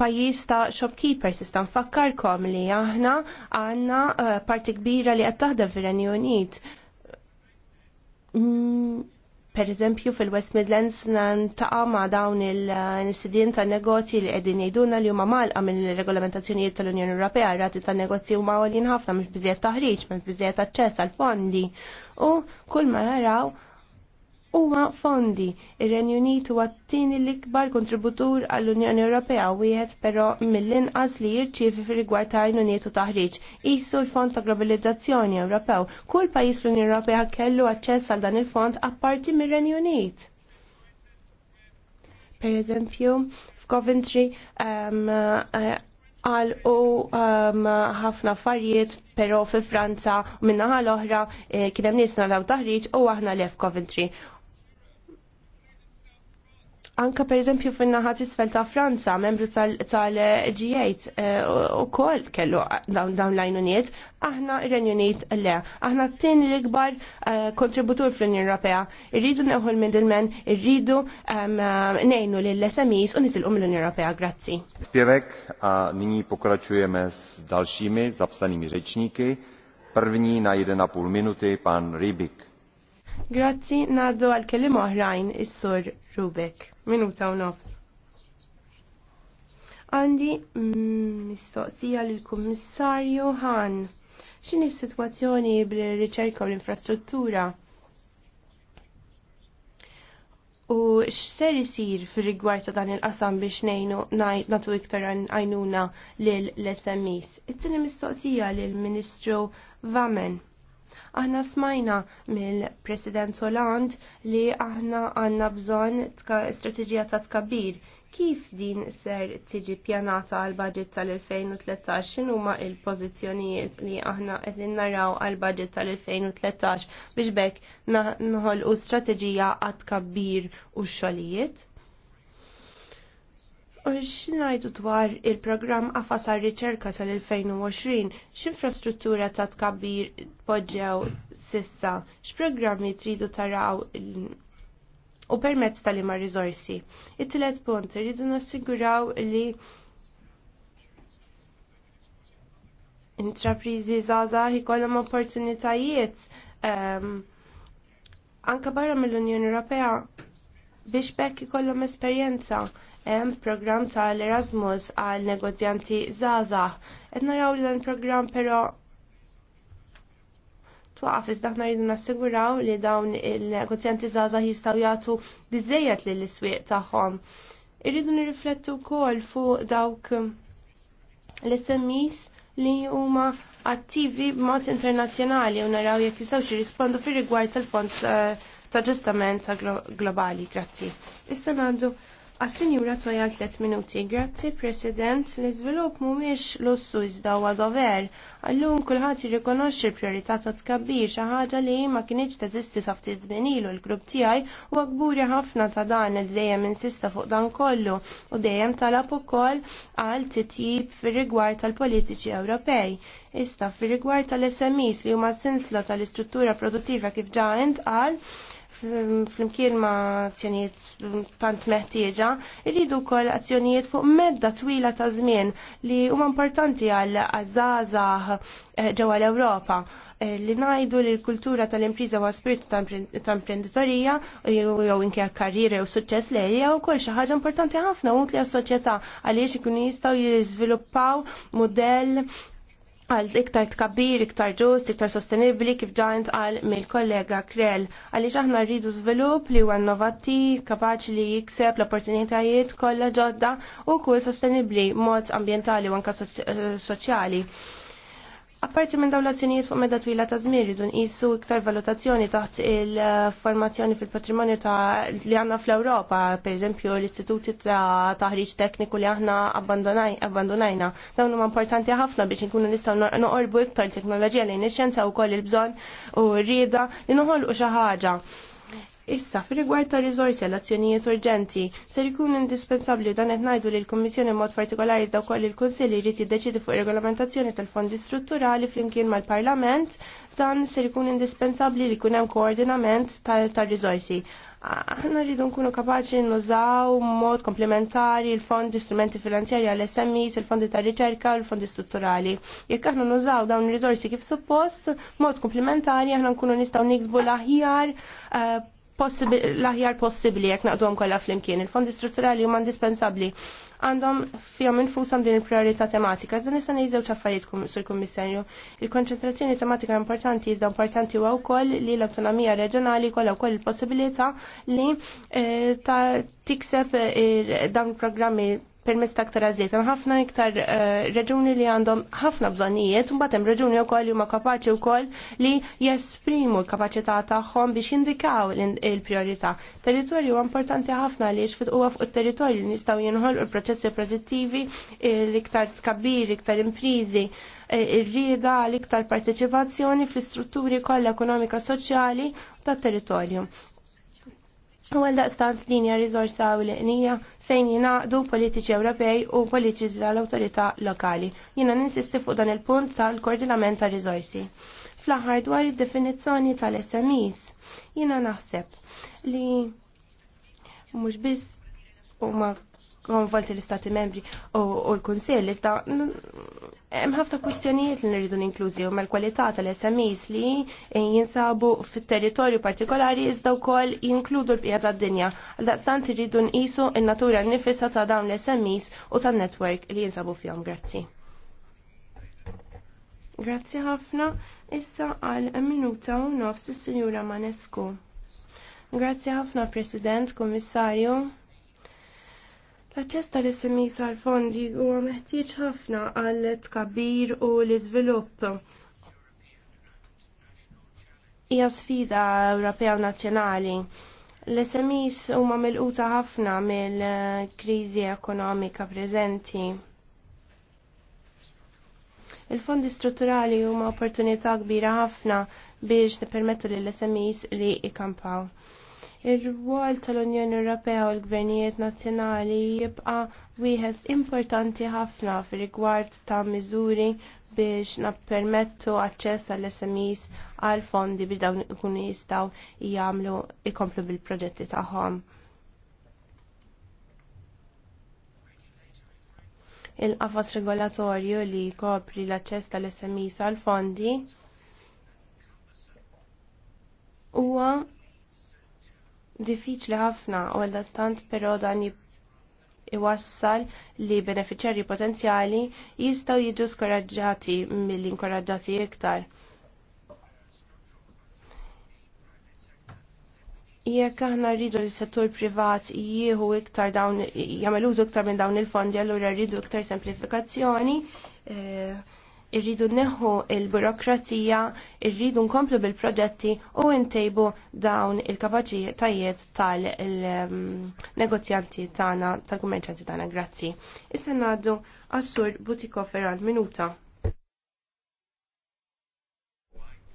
pajjiż ta' shopkeepers ista' nfakkarkom li aħna għandna eh, parti kbira li qed taħdem fir-Renju Unit. Mm, per eżempju fil-West Midlands nantaqa' ma' dawn eh, il-sidien ta' negozji li qegħdin jiduna li huma malqa mill-regolamentazzjonijiet tal-Unjoni Ewropea rati ta' negozji huma għolin ħafna mhux biżjed taħriġ, mhux biżjed aċċess għal fondi. U kull ma naraw huwa fondi. Ir-Renju Unit huwa t-tieni l-ikbar kontributur għall-Unjoni Ewropea wieħed però mill-inqas li jirċievi fir-rigward ta' għajnuniet u taħriġ. Qisu l-Fond ta' Globalizzazzjoni Ewropew. Kull pajjiż fl-Unjoni Ewropea kellu aċċess għal dan il-fond apparti mir-Renju Unit. Per eżempju, f'Coventry ehm, eh, għal u ehm, ħafna affarijiet, però fi Franza min-naħa l-oħra eh, kien kienem nisna law taħriġ u aħna lef Coventry anka per eżempju fin-naħat isfel ta' Franza, membru tal-G8, eh, u koll kellu dawn l-għajnuniet, aħna r-Renjuniet le. Aħna t-tini l-ikbar eh, kontributur fl-Unjoni Ewropea. Irridu neħu l middleman irridu eh, nejnu l smis u nisil nitilqu l unjoni Ewropea. Grazzi. Spiewek, a nini pokraċujeme s dalximi, zapstanimi reċniki, Prvni na 1,5 minuti, pan Ribik. Grazzi, naddu għal kelim oħrajn is-sur Rubek. Minuta u nofs. Għandi mm, mistoqsija lill kummissarju Han. X'inhi s-sitwazzjoni bil-riċerka u l-infrastruttura? U x'ser isir fir-rigward ta' dan il-qasam biex ngħinu nagħtu iktar għajnuna lil l-SMEs? It-tieni mistoqsija lill-Ministru Vamen. Aħna smajna mill-President Hollande li aħna għandna bżonn strateġija ta' tkabbir. Kif din ser tiġi pjanata għal budget tal-2013? X'inhuma il-pożizzjonijiet li aħna għedin naraw għal budget tal-2013 biex bekk u strateġija għat tkabbir u xogħlijiet? U xinajdu dwar il-programm għafasar riċerka sal-2020, x'infrastruttura ta' tkabbir podġew sissa, x'programmi tridu taraw u permezz tal liema rizorsi. It-tlet punt, rridu nassiguraw li intraprizi zaza ikollhom opportunitajiet ehm, Anke anka barra mill-Unjoni Ewropea biex bekk ikollhom esperjenza hemm programm tal-Erasmus għal negozjanti żgħażagħ. Qed naraw li dan il-programm però twaqaf iżda aħna rridu nassiguraw li dawn il-negozjanti żgħażagħ jistgħu jagħtu biżejjed lill iswieq tagħhom. Irridu nirriflettu wkoll fuq dawk l-SMEs li huma attivi b'mod internazzjonali u naraw jekk jistgħux jirrispondu fir-rigward tal-fond ta' ġustament ta' globali. Grazzi. Issa nandu Għas-Sinjura Toja 3 minuti. Grazzi, President. L-izvilup mumiex lussu iżda huwa dover. Allum kulħadd jirrikonoxxi l-priorità ta' tkabbir xaħġa ħaġa li ma kienx teżisti sa ftit ilu l-grupp tiegħi u kburi ħafna ta' dan li dejjem insista fuq dan kollu u dejjem talab ukoll għal titjib fir-rigward tal-politiċi Ewropej. Issa fir-rigward tal smis li huma sinsla tal-istruttura produttiva kif ġa intqal, flimkien ma' azzjonijiet mm, tant meħtieġa, irridu wkoll azzjonijiet fuq medda twila ta' żmien li huma importanti għal għażażaħ eh, ġewwa l-Ewropa eh, li najdu li l-kultura tal-impriża u spiritu ta' imprenditorija jew inke karriera u suċċess li hija wkoll xi ħaġa importanti ħafna u li għas-soċjetà għaliex ikunu jistgħu jiżviluppaw modell għal iktar tkabbir, iktar ġust, iktar sostenibli kif ġajnt għal mill-kollega Krell. Għaliex aħna rridu żvilupp li huwa innovattiv, kapaċi li jikseb l-opportunitajiet kollha ġodda u kull sostenibli mod ambjentali u anke eh, soċjali. So Apparti minn dawn l-azzjonijiet fuq meda twila ta' żmien rridu nqisu iktar valutazzjoni taħt il-formazzjoni fil-patrimonju ta' li għandna fl-Ewropa, pereżempju l-istituti ta' taħriġ tekniku li aħna abbandonajna. Dawn huma importanti ħafna biex inkunu nistgħu noqorbu iktar teknoloġija lejn ix-xjenza wkoll il-bżonn u rrieda li noħolqu xi ħaġa Issa, fil rigward ta' rizorsi għall azzjonijiet urġenti, se jkunu indispensabli dan qed ngħidu li l-Kummissjoni mod partikolari daw wkoll il-Kunsill irid jiddeċidi fuq ir-regolamentazzjoni tal-fondi strutturali flimkien mal-Parlament, dan se jkun indispensabbli li jkun hemm koordinament tal-riżorsi aħna rridu nkunu kapaċi nużaw mod komplementari l-fondi strumenti finanzjari għall-SMIS il-fondi ta' riċerka, l-fondi strutturali. Jekk aħna nużaw dawn ir-riżorsi kif suppost, mod komplementari aħna nkunu nistgħu niksbu l-aħjar eh, l-aħjar possibli jek naqdom kolla fl-imkien. Il-fondi strutturali huma indispensabbli għandhom fihom infushom din il-priorità tematika. Zan nista' ngħid ċaffariet affarijiet sur Kommissarju. Il-konċentrazzjoni tematika importanti iżda importanti huwa wkoll li l-awtonomija reġjonali kollha wkoll il-possibilità li eh, ta' tikseb eh, dan programmi permezz ta' aktar għażliet hemm ħafna iktar eh, reġuni li għandhom ħafna bżonnijiet, un hemm reġuni wkoll li huma kapaċi wkoll li jesprimu l-kapaċità tagħhom biex jindikaw il-priorità. Territorju importanti ħafna li xfit u fuq it-territorju nistgħu jinħolqu l-proċessi produttivi, l-iktar skabbir, iktar imprizi, eh, ir-rieda l-iktar parteċipazzjoni fl-istrutturi koll ekonomika soċjali tat-territorju. U għal daqstant rizorsa u l ewlenija fejn jingħaqdu politiċi Ewropej u politiċi tal-awtorità lokali. Jiena ninsisti fuq dan il-punt tal-koordinament ta' riżorsi. Fl-aħħar dwar id-definizzjoni tal-SMEs, jiena naħseb li mhux biss huma konvolti l-Istati membri u l-Kunsill Hemm ħafna kwistjonijiet li nirridu ninkluzi u mal kwalità tal-SMEs li jinsabu fit-territorju partikolari iżda wkoll jinkludu l-bqija tad-dinja. Għal daqstant irridu nqisu n-natura nifissa ta' dawn l-SMEs u tan-netwerk li jinsabu fihom. Grazzi. Grazzi ħafna. Issa għal minuta u nofs is-Sinjura Manescu. Grazzi ħafna President, Kummissarju. L-aċċess tal-SMEs għal fondi huwa meħtieġ ħafna għal tkabbir u l-iżvilupp. Hija sfida Ewropea u nazzjonali. L-SMEs huma milquta ħafna mill-kriżi ekonomika preżenti. Il-fondi strutturali huma opportunità kbira ħafna biex nippermettu lill-SMEs li jkampaw. Li Ir-rwol tal-Unjoni Ewropea u l-Gvernijiet Nazzjonali jibqa' wieħed importanti ħafna fir-rigward ta' miżuri biex nappermettu aċċess għall smis għal fondi biex dawn ikunu jistgħu jagħmlu jkomplu bil-proġetti tagħhom. Il-qafas regolatorju li jkopri l-aċċess tal smis għal fondi huwa diffiċli ħafna u għaldastant però dan iwassal li benefiċjarji potenzjali jistgħu jiġu skoraġġati mill inkoraġġati iktar. jekk aħna rridu li settur privat jieħu iktar dawn jagħmel użu iktar minn dawn il-fondi allura rridu iktar semplifikazzjoni. Eh, irridu neħu il-burokrazija, irridu nkomplu bil-proġetti u ntejbu dawn il-kapaċitajiet tal-negozjanti tagħna, tal-kummerċanti tagħna. Grazzi. Issa ngħaddu għas-sur Butikofer għal minuta.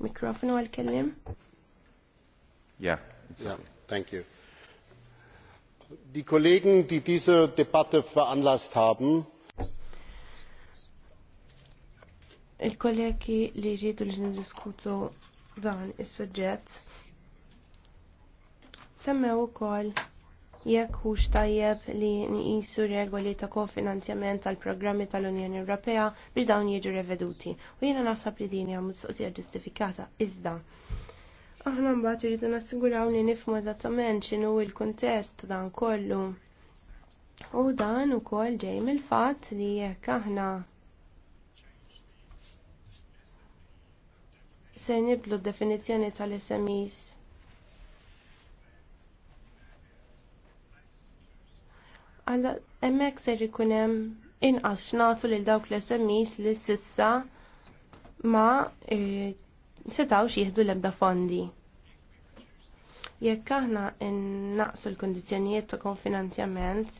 Mikrofonu għal kellim. Yeah. Yeah, thank you. Die Kollegen, die diese Debatte veranlasst haben, il-kollegi li jridu li niddiskutu dan is-suġġett semmew ukoll jekk hux tajjeb li nqisu regoli ta' kofinanzjament tal-programmi tal-Unjoni Ewropea biex dawn jiġu reveduti. U jiena naħseb li din hija mistoqsija ġustifikata iżda. Aħna mbagħad irridu nassiguraw li nifhmu eżattament x'inhu l-kuntest dan kollu. U dan ukoll ġej mill-fatt li jekk aħna se nibdlu d-definizzjoni tal-SMEs. Għalla hemmhekk se ikun hemm inqas xnatu lil dawk l-SMEs li sissa ma e, jieħdu l-ebda fondi. Jekk aħna naqsu l kundizzjonijiet ta' konfinanzjament,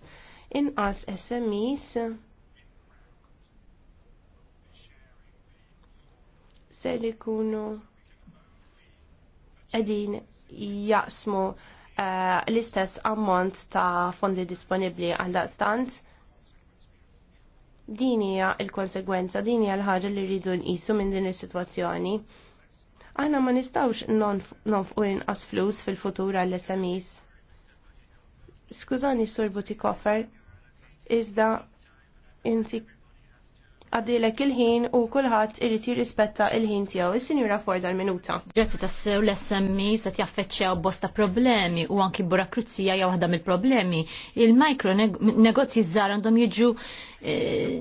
inqas SMEs ser li jkunu qegħdin jaqsmu uh, l-istess ammont ta' fondi disponibbli għal daqstant din hija l-konsegwenza, din hija l-ħaġa li rridu nqisu minn din is-sitwazzjoni. Aħna ma nistgħux nonfqu inqas flus fil-futur għall smis Skużani Sur koffer, iżda inti għaddilek il-ħin u kulħadd irid jirrispetta il-ħin tiegħu. Is-Sinjura Ford għal-minuta. Grazzi tassew l-SMI se jaffeċċjaw bosta problemi u anki burokrazija jew waħda mill-problemi. Il-mikro negozji żgħar għandhom jiġu Eh,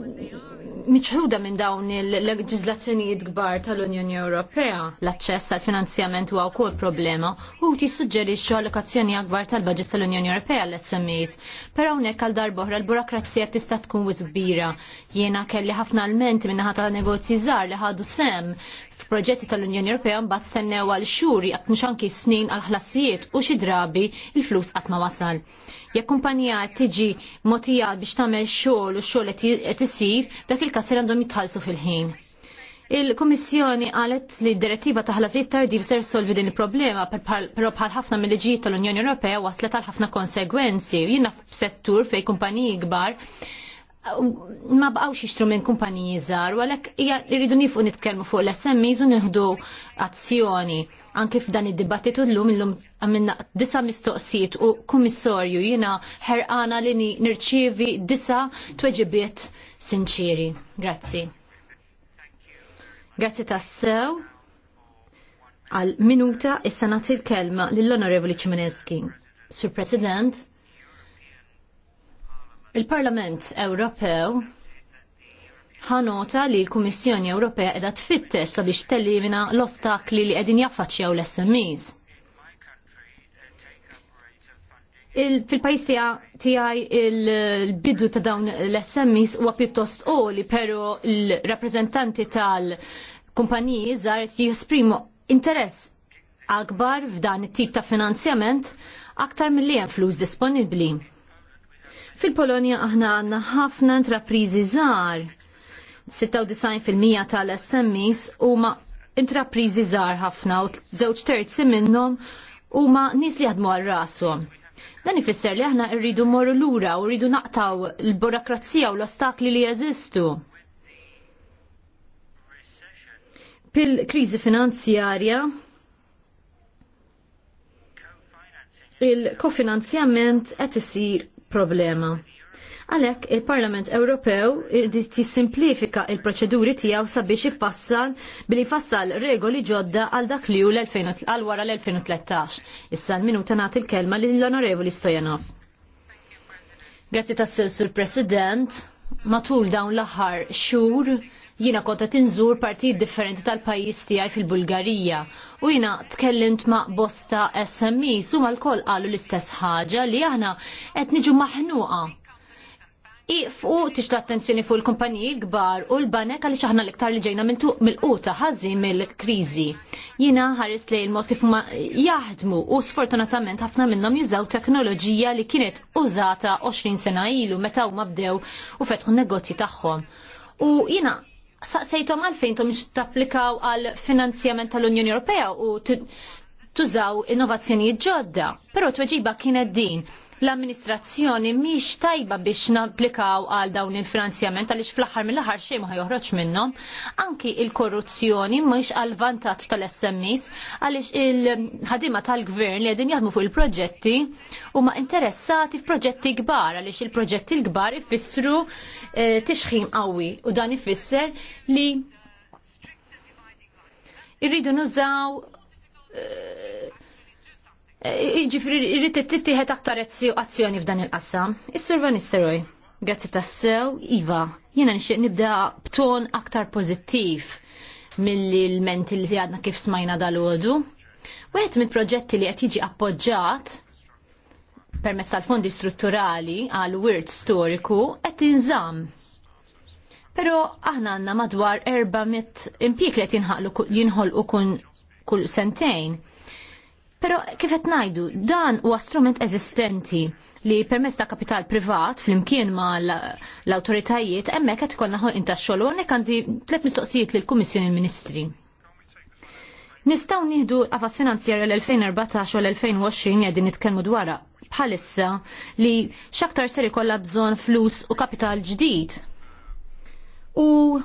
miċħuda minn dawn il-leġizlazzjonijiet kbar tal-Unjoni Ewropea l-aċċess għal finanzjament huwa wkoll problema u tissuġġerixxu allokazzjoni akbar tal-baġġis tal-Unjoni Ewropea l-SMEs. Però hawnhekk għal darb'oħra l-burokrazija tista' tkun wis kbira. Jiena kelli ħafna almenti minn ħata negozji żgħar li ħadu sem proġetti tal-Unjoni Ewropea mbagħad stennew għal xhur jaqt anki snin għal ħlasijiet u xi drabi il-flus qatt ma wasal. Jekk kumpanija tiġi motija biex tagħmel xogħol u xogħol qed isir, dak il-każ għandhom jitħallsu fil-ħin. Il-Komissjoni qalet li d-direttiva ta' ħlasijiet tardiv ser solvi din il-problema, però bħal ħafna mill-liġijiet tal-Unjoni Ewropea waslet għal ħafna konsegwenzi. Jiena f'settur fejn kumpaniji kbar Um, ma bqawx jixtru minn kumpaniji żgħar, għalhekk rridu nifqu nitkellmu fuq l-SMEs u nieħdu azzjoni. Anke f'dan id-dibattitu llum illum għamilna disa mistoqsijiet u kummissorju jiena ħerqana li nirċievi disa tweġibiet sinċiri. Grazzi. Grazzi tassew għal minuta issa nagħti l-kelma lill-Onorevoli Ċiminezki. Sur President, Il-Parlament Ewropew ħanota li l-Kummissjoni Ewropea qiegħda tfittex sabiex tellimina l-ostakli li qegħdin jaffaċċjaw l-SMEs. Fil-pajis tijaj il-bidu ta' dawn l-SMIs huwa pjuttost għoli, pero l-rappresentanti tal-kumpaniji żaret jisprimu interess akbar f'dan it-tip ta' finanzjament aktar mill-li flus disponibbli. Fil-Polonja aħna għandna ħafna intrapriżi żgħar. 96% tal-SMEs huma intrapriżi żgħar ħafna u żewġ terzi minnhom huma nies li jaħdmu għal rashom. Dan ifisser li aħna rridu morru lura u rridu naqtaw l-burokrazija u l-ostakli li jeżistu. Pil-kriżi finanzjarja il-kofinanzjament qed isir problema. Għalek, il-Parlament Ewropew tissimplifika il-proċeduri tijaw sabiex jifassal billi fassal regoli ġodda għal dak li u l wara l-2013. Issa l-minuta nagħti il-kelma lill-Onorevoli Stojanov. Grazzi tassil sur President, matul dawn l-aħħar xhur Jina kota tinżur partijiet differenti tal-pajis tiegħi fil-Bulgarija u jina tkellimt ma' bosta SMI u mal-koll qalu l-istess ħaġa li aħna qed niġu maħnuqa Iqfu tix attenzjoni fuq il-kumpaniji l-kbar u l-banek għaliex aħna l-iktar li ġejna mill-quta ħazzi mill-kriżi. Jiena ħares li l-mod kif ma jaħdmu u sfortunatament ħafna minnhom jużaw teknoloġija li kienet użata 20 sena ilu meta huma bdew u fetħu negozji tagħhom. U jiena saqsejtom għalfejn tom tapplikaw għal finanzjament tal-Unjoni Ewropea u tużaw innovazzjonijiet ġodda. Però tweġiba kienet din l-amministrazzjoni mhix tajba biex napplikaw għal dawn il-finanzjament għaliex fl-aħħar mill-aħħar xej ma joħroġ minnhom. Anki il-korruzzjoni miex għal vantaġġ tal-SMEs għaliex il-ħadima tal-gvern li qegħdin jaħdmu fuq il-proġetti huma interessati f'proġetti kbar għaliex il-proġetti l-kbar ifissru eh, tixħim qawwi u dan ifisser li irridu nużaw Eh, eh, Ġifri, irrit t-tittieħed aktar azzjoni f'dan il-qassam. Is-Sur Van Nistelrooy, grazzi tassew, Iva, jena nixtieq nibda b'ton aktar pożittiv mill l-menti li għadna kif smajna dal-għodu. Wieħed minn proġetti li qed jiġi appoġġat permezz tal-fondi strutturali għal wirt storiku qed inżam. Però aħna għandna madwar 400 impjieg li qed jinħolqu kun kull sentejn. Pero kif qed ngħidu, dan huwa strument eżistenti li permezz ta' kapital privat flimkien ma' l-awtoritajiet hemmhekk qed ikollna ħolqin tax-xogħol hawnhekk għandi tliet mistoqsijiet lill kummissjoni Ministri. Nistgħu nieħdu qafas finanzjarja l-2014 u l-2020 qegħdin nitkellmu dwarha bħalissa li x'aktar ser ikollha bżonn flus u kapital ġdid. U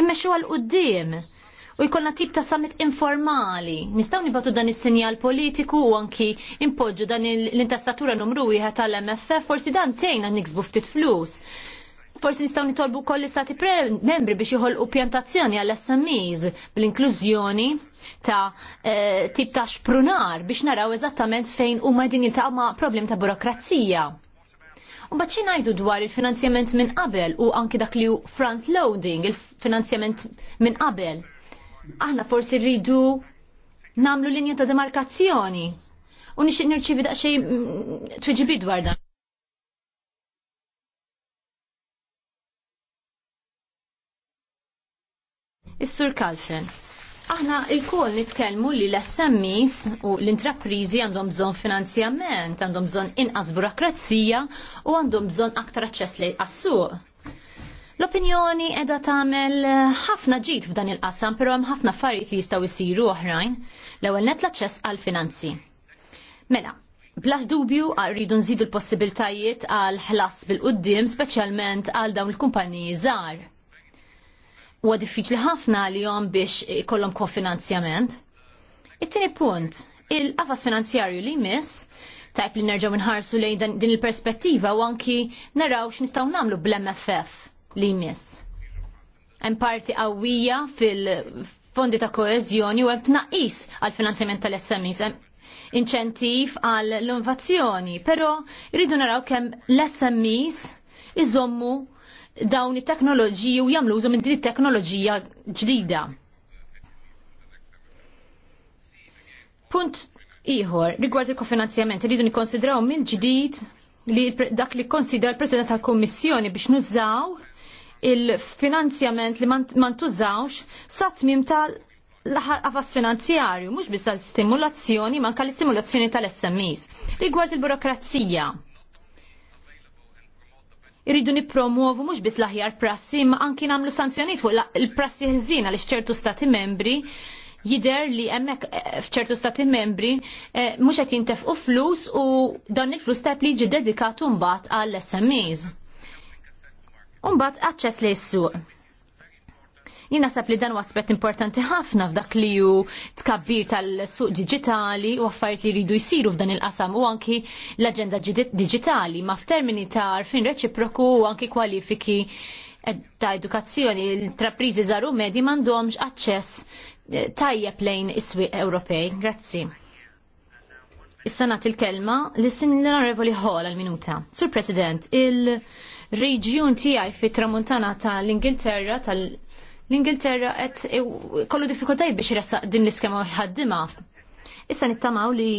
immexxu għall qudiem u jkollna tip ta' summit informali. Nistgħu nibatu dan is-sinjal politiku u anki impoġġu dan l-intestatura numru wieħed tal-MFF, forsi dan tgħinna niksbu ftit flus. Forsi nistgħu nitolbu koll stati membri biex jħolqu pjantazzjoni għall smes bl-inklużjoni ta' eh, tip ta' xprunar biex naraw eżattament fejn huma din jiltaqa' ma' problem ta' burokrazija. U bħadċi najdu dwar il-finanzjament minn qabel u anki dak li front loading, il-finanzjament minn qabel aħna forsi rridu namlu linja ta' demarkazzjoni. U nixtieq nirċivi daqsxejn mm, tweġibi dwar dan. Is-Sur Kalfen. Aħna il kol nitkellmu li l-SMEs u l-intraprizi għandhom bżon finanzjament, għandhom bżon inqas burokrazija u għandhom bżon aktar aċċess li għassu. L-opinjoni edha tagħmel eh, ħafna ġid f'dan il-qasam, però hemm ħafna affarijiet li jistgħu jsiru oħrajn l-ewwel net l-aċċess għal finanzi. Mela, Blaħ dubju ah, rridu nżidu l-possibiltajiet għal ħlas bil-qoddim, speċjalment għal dawn il-kumpaniji żgħar. Huwa diffiċli ħafna li jom biex ikollhom kofinanzjament. It-tieni punt, il-qafas finanzjarju li jmiss tajp li nerġgħu minħarsu lejn din il-perspettiva u anki naraw x'nistgħu nagħmlu bl-MFF li jmiss. Hemm parti qawwija fil-fondi ta' koeżjoni u hemm tnaqqis għal finanzjament tal-SMEs inċentiv għal l-innovazzjoni, però jridu naraw kemm l-SMEs iżommu dawn it-teknoloġiji u jagħmlu użu minn din it-teknoloġija ġdida. Punt ieħor rigward il-kofinanzjament rridu nikkonsidraw mill-ġdid li dak li konsidra l-President tal-Kommissjoni biex nużaw il-finanzjament li ma ntużawx sa tmim tal l-aħħar qafas finanzjarju, mhux biss l-stimulazzjoni, ma anke l tal-SMEs. Rigward il-burokrazija. Irridu nippromuovu mhux biss l-aħjar prassi, ma anki nagħmlu sanzjonijiet fuq il-prassi ħżina li x'ċertu stati membri jider li emmek eh, fċertu stati membri eh, mhux qed jintefqu flus u dan il-flus tajb li jiġi dedikatu mbagħad għall-SMEs. Umbat aċċess li s-suq. Jina sab li dan aspett importanti ħafna f'dak li ju tkabbir tal-suq digitali u affarijiet li jridu jsiru f'dan il-qasam u anki l-aġenda digitali ma' f'termini ta' arfin reċiproku u anki kwalifiki ta' edukazzjoni l-intrapriżi żaru medji m'għandhomx aċċess eh, tajjeb lejn is-swieq Ewropej. Grazzi. Is-sanat il-kelma li sin l-onorevoli Hall għal-minuta. Sur President, il-reġjun tiegħi fit-tramuntana tal-Ingilterra tal l-Ingilterra qed kollu diffikultajiet biex jressa din l-iskema ħaddima. Issa nittamaw li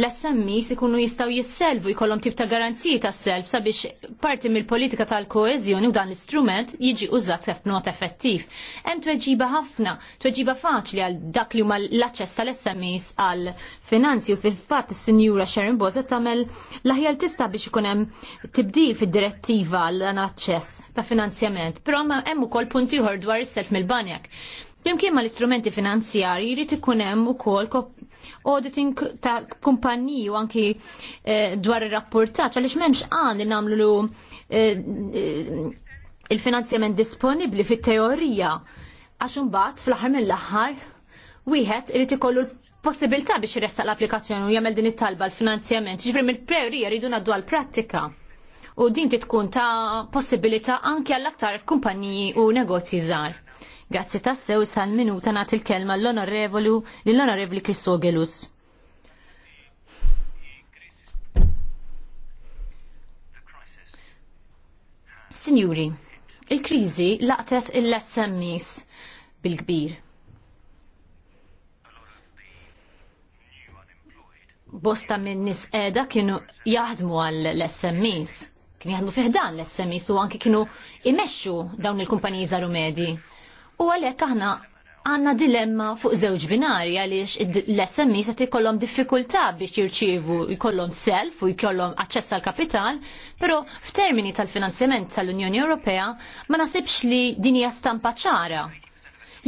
l-SMEs ikunu jistaw jisselvu jkollhom tip ta' garanziji ta' self sabiex parti mill-politika tal-koeżjoni u dan l-istrument jiġi użat not effettiv. Hemm tweġiba ħafna, tweġiba faċli għal dak li huma l-aċċess tal-SMEs għal finanzi u fil-fatt is-Sinjura Sharon Bozet tagħmel l-aħjar tista' biex ikun hemm tibdil fid-direttiva għal aċċess ta' finanzjament. Però hemm ukoll punti ieħor dwar is-self mill-banjak ma mal istrumenti finanzjari jrid ikun hemm ukoll auditing ta' kumpaniji u anki eh, dwar ir-rapportaġġ għaliex m'hemmx għan li nagħmlu l eh, eh, il-finanzjament disponibbli fit-teorija għax imbagħad fl-aħħar mill-aħħar wieħed irid ikollu l-possibilità biex jressaq l-applikazzjoni u jagħmel din it-talba l-finanzjament. Ġifri mill-prerija rridu naddu għall-prattika u din titkun ta' possibilità anke għall-aktar kumpaniji u negozji żgħar. Grazzi tassew sal-minuta nagħti il kelma l-onorevolu l-onorevoli Kristogelus. Sinjuri, il-kriżi laqtet il-SMEs bil-kbir. bosta minn nis edha kienu jaħdmu għall l-SMEs. Kienu jaħdmu fiħdan l-SMEs u anki kienu imesċu dawn il-kumpaniji zaru medji. U għalhekk aħna għanna dilemma fuq żewġ binari għaliex l-SMI se ikollhom diffikultà biex jirċievu jkollhom self u jkollhom aċċess għal kapital, però f'termini tal-finanzjament tal-Unjoni Ewropea ma nasibx li din hija stampa ċara.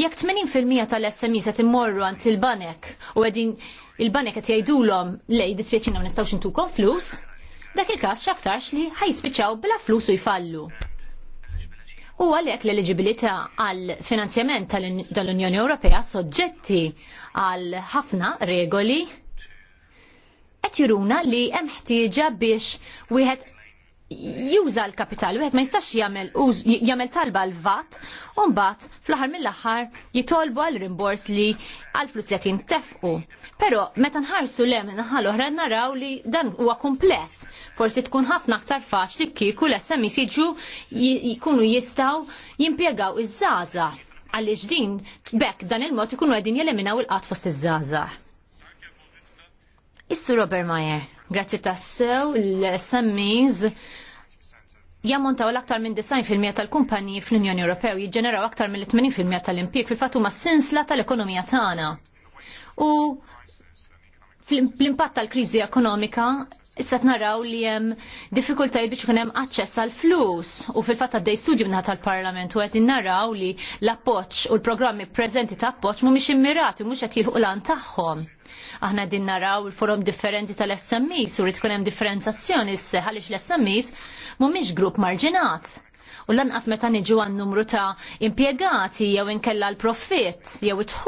Jekk 80% tal-SMI se timmorru għand il-banek u għedin il-banek qed jgħidulhom lej dispjaċina ma nistgħux intukom flus, dak il-każ x'aktarx li ħajspiċċaw bla flus u jfallu u għalhekk l-eliġibilità għal finanzjament tal-Unjoni Ewropea soġġetti għal ħafna regoli qed juruna li hemm ħtieġa biex wieħed juża l-kapital, wieħed ma jistax jagħmel jagħmel talba l vat u mbagħad fl-aħħar mill-aħħar jitolbu għal rimbors li għal flus li jintefqu. Però meta nħarsu lem naħal oħra naraw li dan huwa kumpless Forsi tkun ħafna aktar faċli kieku l-SMIs jiġu jkunu jistaw jimpiegaw iż-żaza għaliex din bekk dan il-mod ikunu għedin jeleminaw il-qat fost iż-żaza. Issu Robert Mayer, grazzi tassew l-SMIs jammontaw l-aktar minn 90% tal-kumpanji fl-Unjoni Ewropew jiġġeneraw aktar minn 80% tal-impjeg fil-fatt huma sinsla tal-ekonomija tagħna. U fl-impatt tal-kriżi ekonomika Issa naraw li hemm diffikultajiet biex ikun hemm aċċess għal flus u fil-fatt għaddej studju minħat tal-Parlament u qed naraw li l-appoġġ u l-programmi prezenti ta' appoġġ mhumiex immirati u mhux qed jilħu lan tagħhom. Aħna din naraw il-forum differenti tal-SMEs u rrit tkun hemm s-se għalix l-SMEs mhumiex grupp marġinat. U lanqas meta niġu għan numru ta' impjegati jew inkella l profit jew it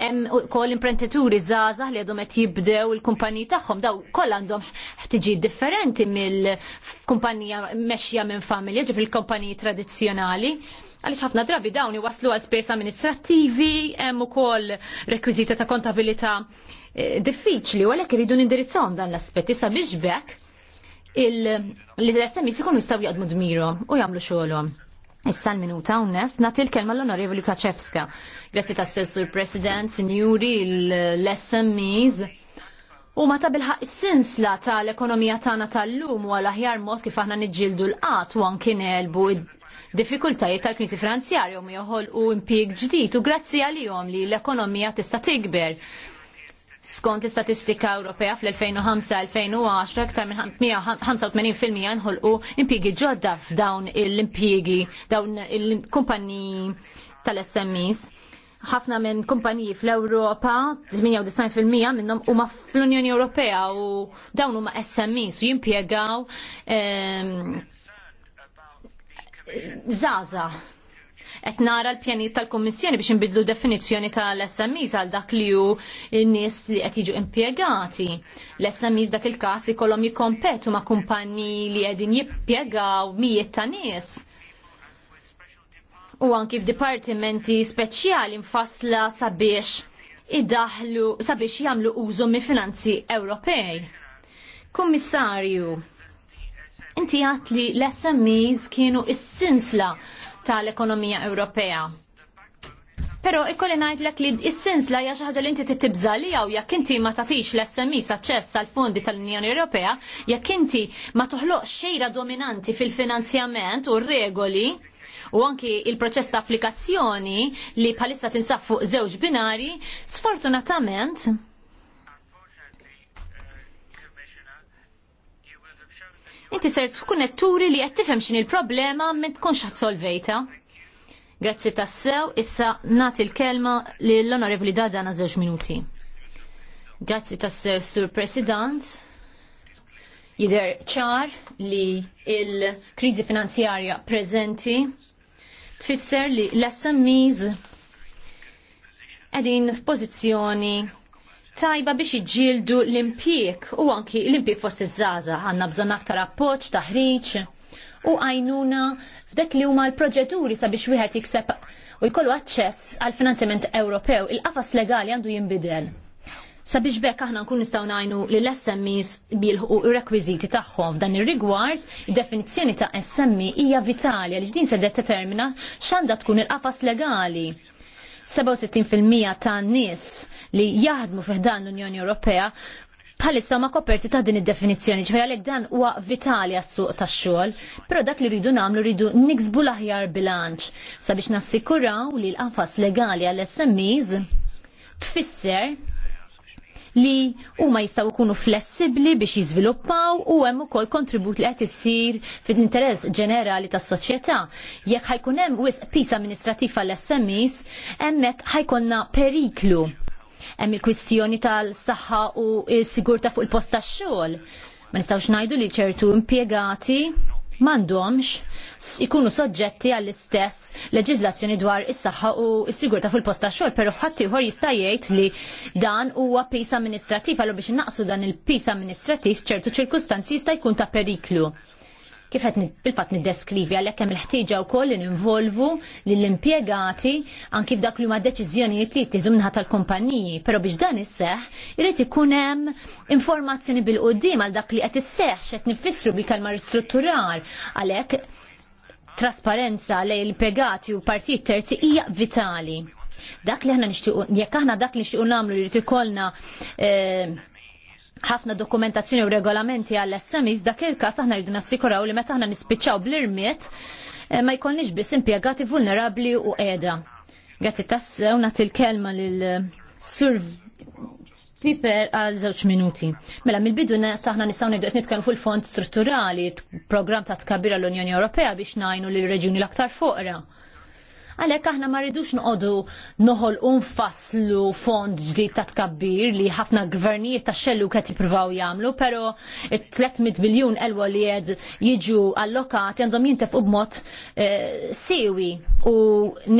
hemm ukoll imprenditori żgħażagħ li għadhom qed jibdew il-kumpaniji tagħhom daw kollha għandhom ħtiġijiet differenti mill-kumpanija mexxija minn familja ġif il-kumpaniji tradizzjonali. Għaliex ħafna drabi dawn iwaslu għal spesa amministrattivi, hemm ukoll rekwiżita ta' kontabilità eh, diffiċli, u għalhekk iridu nindirizzawhom dan l-aspett. Issa biex bekk l-SMI sikun jistgħu jaqdmu dmirhom u jagħmlu xogħolhom. Issa l-minuta u nefs, nati l-kelma l-onorevoli Kaczewska. Grazzi ta' s-sessur president, signori, l-SMEs. U ma ta' bilħaq sinsla ta' l-ekonomija tagħna tal-lum u għal-aħjar mod kif aħna niġġieldu l-qat u anki nelbu diffikultajiet tal-krisi finanzjarja u joħol u impieg ġdid u grazzi għalihom li l-ekonomija tista' tigber. Skont l-istatistika Ewropea fl-2005-2010 aktar minn 85% nħolqu impjiegi ġodda f'dawn l-impjiegi, dawn il-kumpaniji tal-SMEs ħafna minn kumpaniji fl-Ewropa, 98% minnhom huma fl-Unjoni Ewropea u dawn huma SMEs u jimpjegaw eh, zaza qed nara l-pjanijiet tal-Kummissjoni biex inbidlu definizzjoni tal-SMEs għal dak li hu n-nies li qed jiġu impjegati. L-SMEs dak il-każ ikollhom jikkompetu ma' kumpanji li qegħdin jippjegaw mijiet ta' nies. U anki f'dipartimenti speċjali mfassla sabiex idaħlu sabiex jagħmlu użu mill-finanzi Ewropej. Kummissarju, inti għat li l-SMEs kienu is-sinsla tal-ekonomija Ewropea. Pero ikkolli ngħidlek li s sens hija xi ħaġa li inti titibża jew jekk inti ma tagħtix l smi e s'aċċess għal fondi tal-Unjoni Ewropea, jekk inti ma toħloq xejra dominanti fil-finanzjament u regoli u anki il-proċess ta' applikazzjoni li bħalissa tinsab fuq żewġ binari, sfortunatament inti ser tkun qed turi li qed tifhem x'inhi l-problema ma tkunx ħadd solvejta. Grazzi tassew, issa nagħti l-kelma lill-Onorevoli Dadana żewġ minuti. Grazzi tassew, Sur President. Jider ċar li il-kriżi finanzjarja prezenti tfisser li l-SMEs qegħdin f'pożizzjoni tajba biex iġildu l impiek u anki l impiek fost iż-żaza għanna bżon aktar appoċ, taħriċ u għajnuna f'dak li huma l-proġeduri sabiex wieħed jikseb u jkollu aċċess għal finanziament Ewropew il-qafas legali għandu jinbidel. Sabiex bekk aħna nkun nistgħu ngħinu li l-SMEs bilħu ir-rekwiżiti tagħhom f'dan ir-rigward, id-definizzjoni ta' SME hija vitali għal din se determina x'għandha tkun il-qafas legali 67% ta' nies li jaħdmu fiħdan l-Unjoni Ewropea bħalissa ma koperti ta' din id-definizzjoni, ġifier għalhekk dan huwa vitali għas-suq tax-xogħol, però dak li rridu nagħmlu rridu niksbu l-aħjar bilanċ sabiex nassikuraw li l-qafas legali għall-SMEs tfisser li huma jistgħu jkunu flessibbli biex jiżviluppaw u hemm ukoll kontribut li qed issir fil-interess ġenerali tas-soċjetà. Jekk ħajkun hemm wisq pis amministrattiv għall-SMEs, hemmhekk ħajkonna periklu. Hemm il-kwistjoni tal-saħħa u s-sigurtà fuq il-post tax-xogħol. Ma nistgħux ngħidu li ċertu impjegati mandomx ikunu soġġetti għall-istess leġizlazzjoni dwar is-saħħa u s-sigurta fil-post ta' xogħol, però ħaddieħor jista' jgħid li dan huwa pis amministrativ għalhom biex innaqsu dan il-pis amministrativ ċertu ċirkustanzi jista' jkun ta' periklu kif qed bil-fatt niddeskrivi għalhekk hemm il-ħtieġa wkoll li ninvolvu lill-impjegati anki f'dak li huma deċiżjonijiet li jittieħdu minħat tal-kumpaniji, però biex dan isseħ irid ikun hemm informazzjoni bil-qudiem għal dak li qed isseħ x'qed nifissru bil-kelma ristrutturar għalhekk trasparenza lejn il-pegati u partijiet terzi hija vitali. Dak li aħna nixtiequ, jekk aħna dak li nixtiequ nagħmlu li jrid ikollna eh, ħafna dokumentazzjoni u regolamenti għall smis dak il-każ aħna rridu nassikuraw li meta aħna nispiċċaw bl-irmiet eh, ma jkollniex biss impjegati vulnerabbli u qiegħda. Grazzi tassew nagħti l-kelma lil eh, Sur Piper għal żewġ minuti. Mela mill-bidu taħna nistgħu ngħidu qed nitkellmu fuq il-fond strutturali, programm ta' tkabbira l-Unjoni Ewropea biex ngħinu lil reġjuni l-aktar foqra. Għalhekk aħna ma rridux noqogħdu noħol unfaslu fond ġdid ta' tkabbir li ħafna gvernijiet ta' xellu qed jippruvaw jagħmlu, pero 300 biljun elwa li jed jiġu allokati għandhom jintefqu b'mod eh, siwi u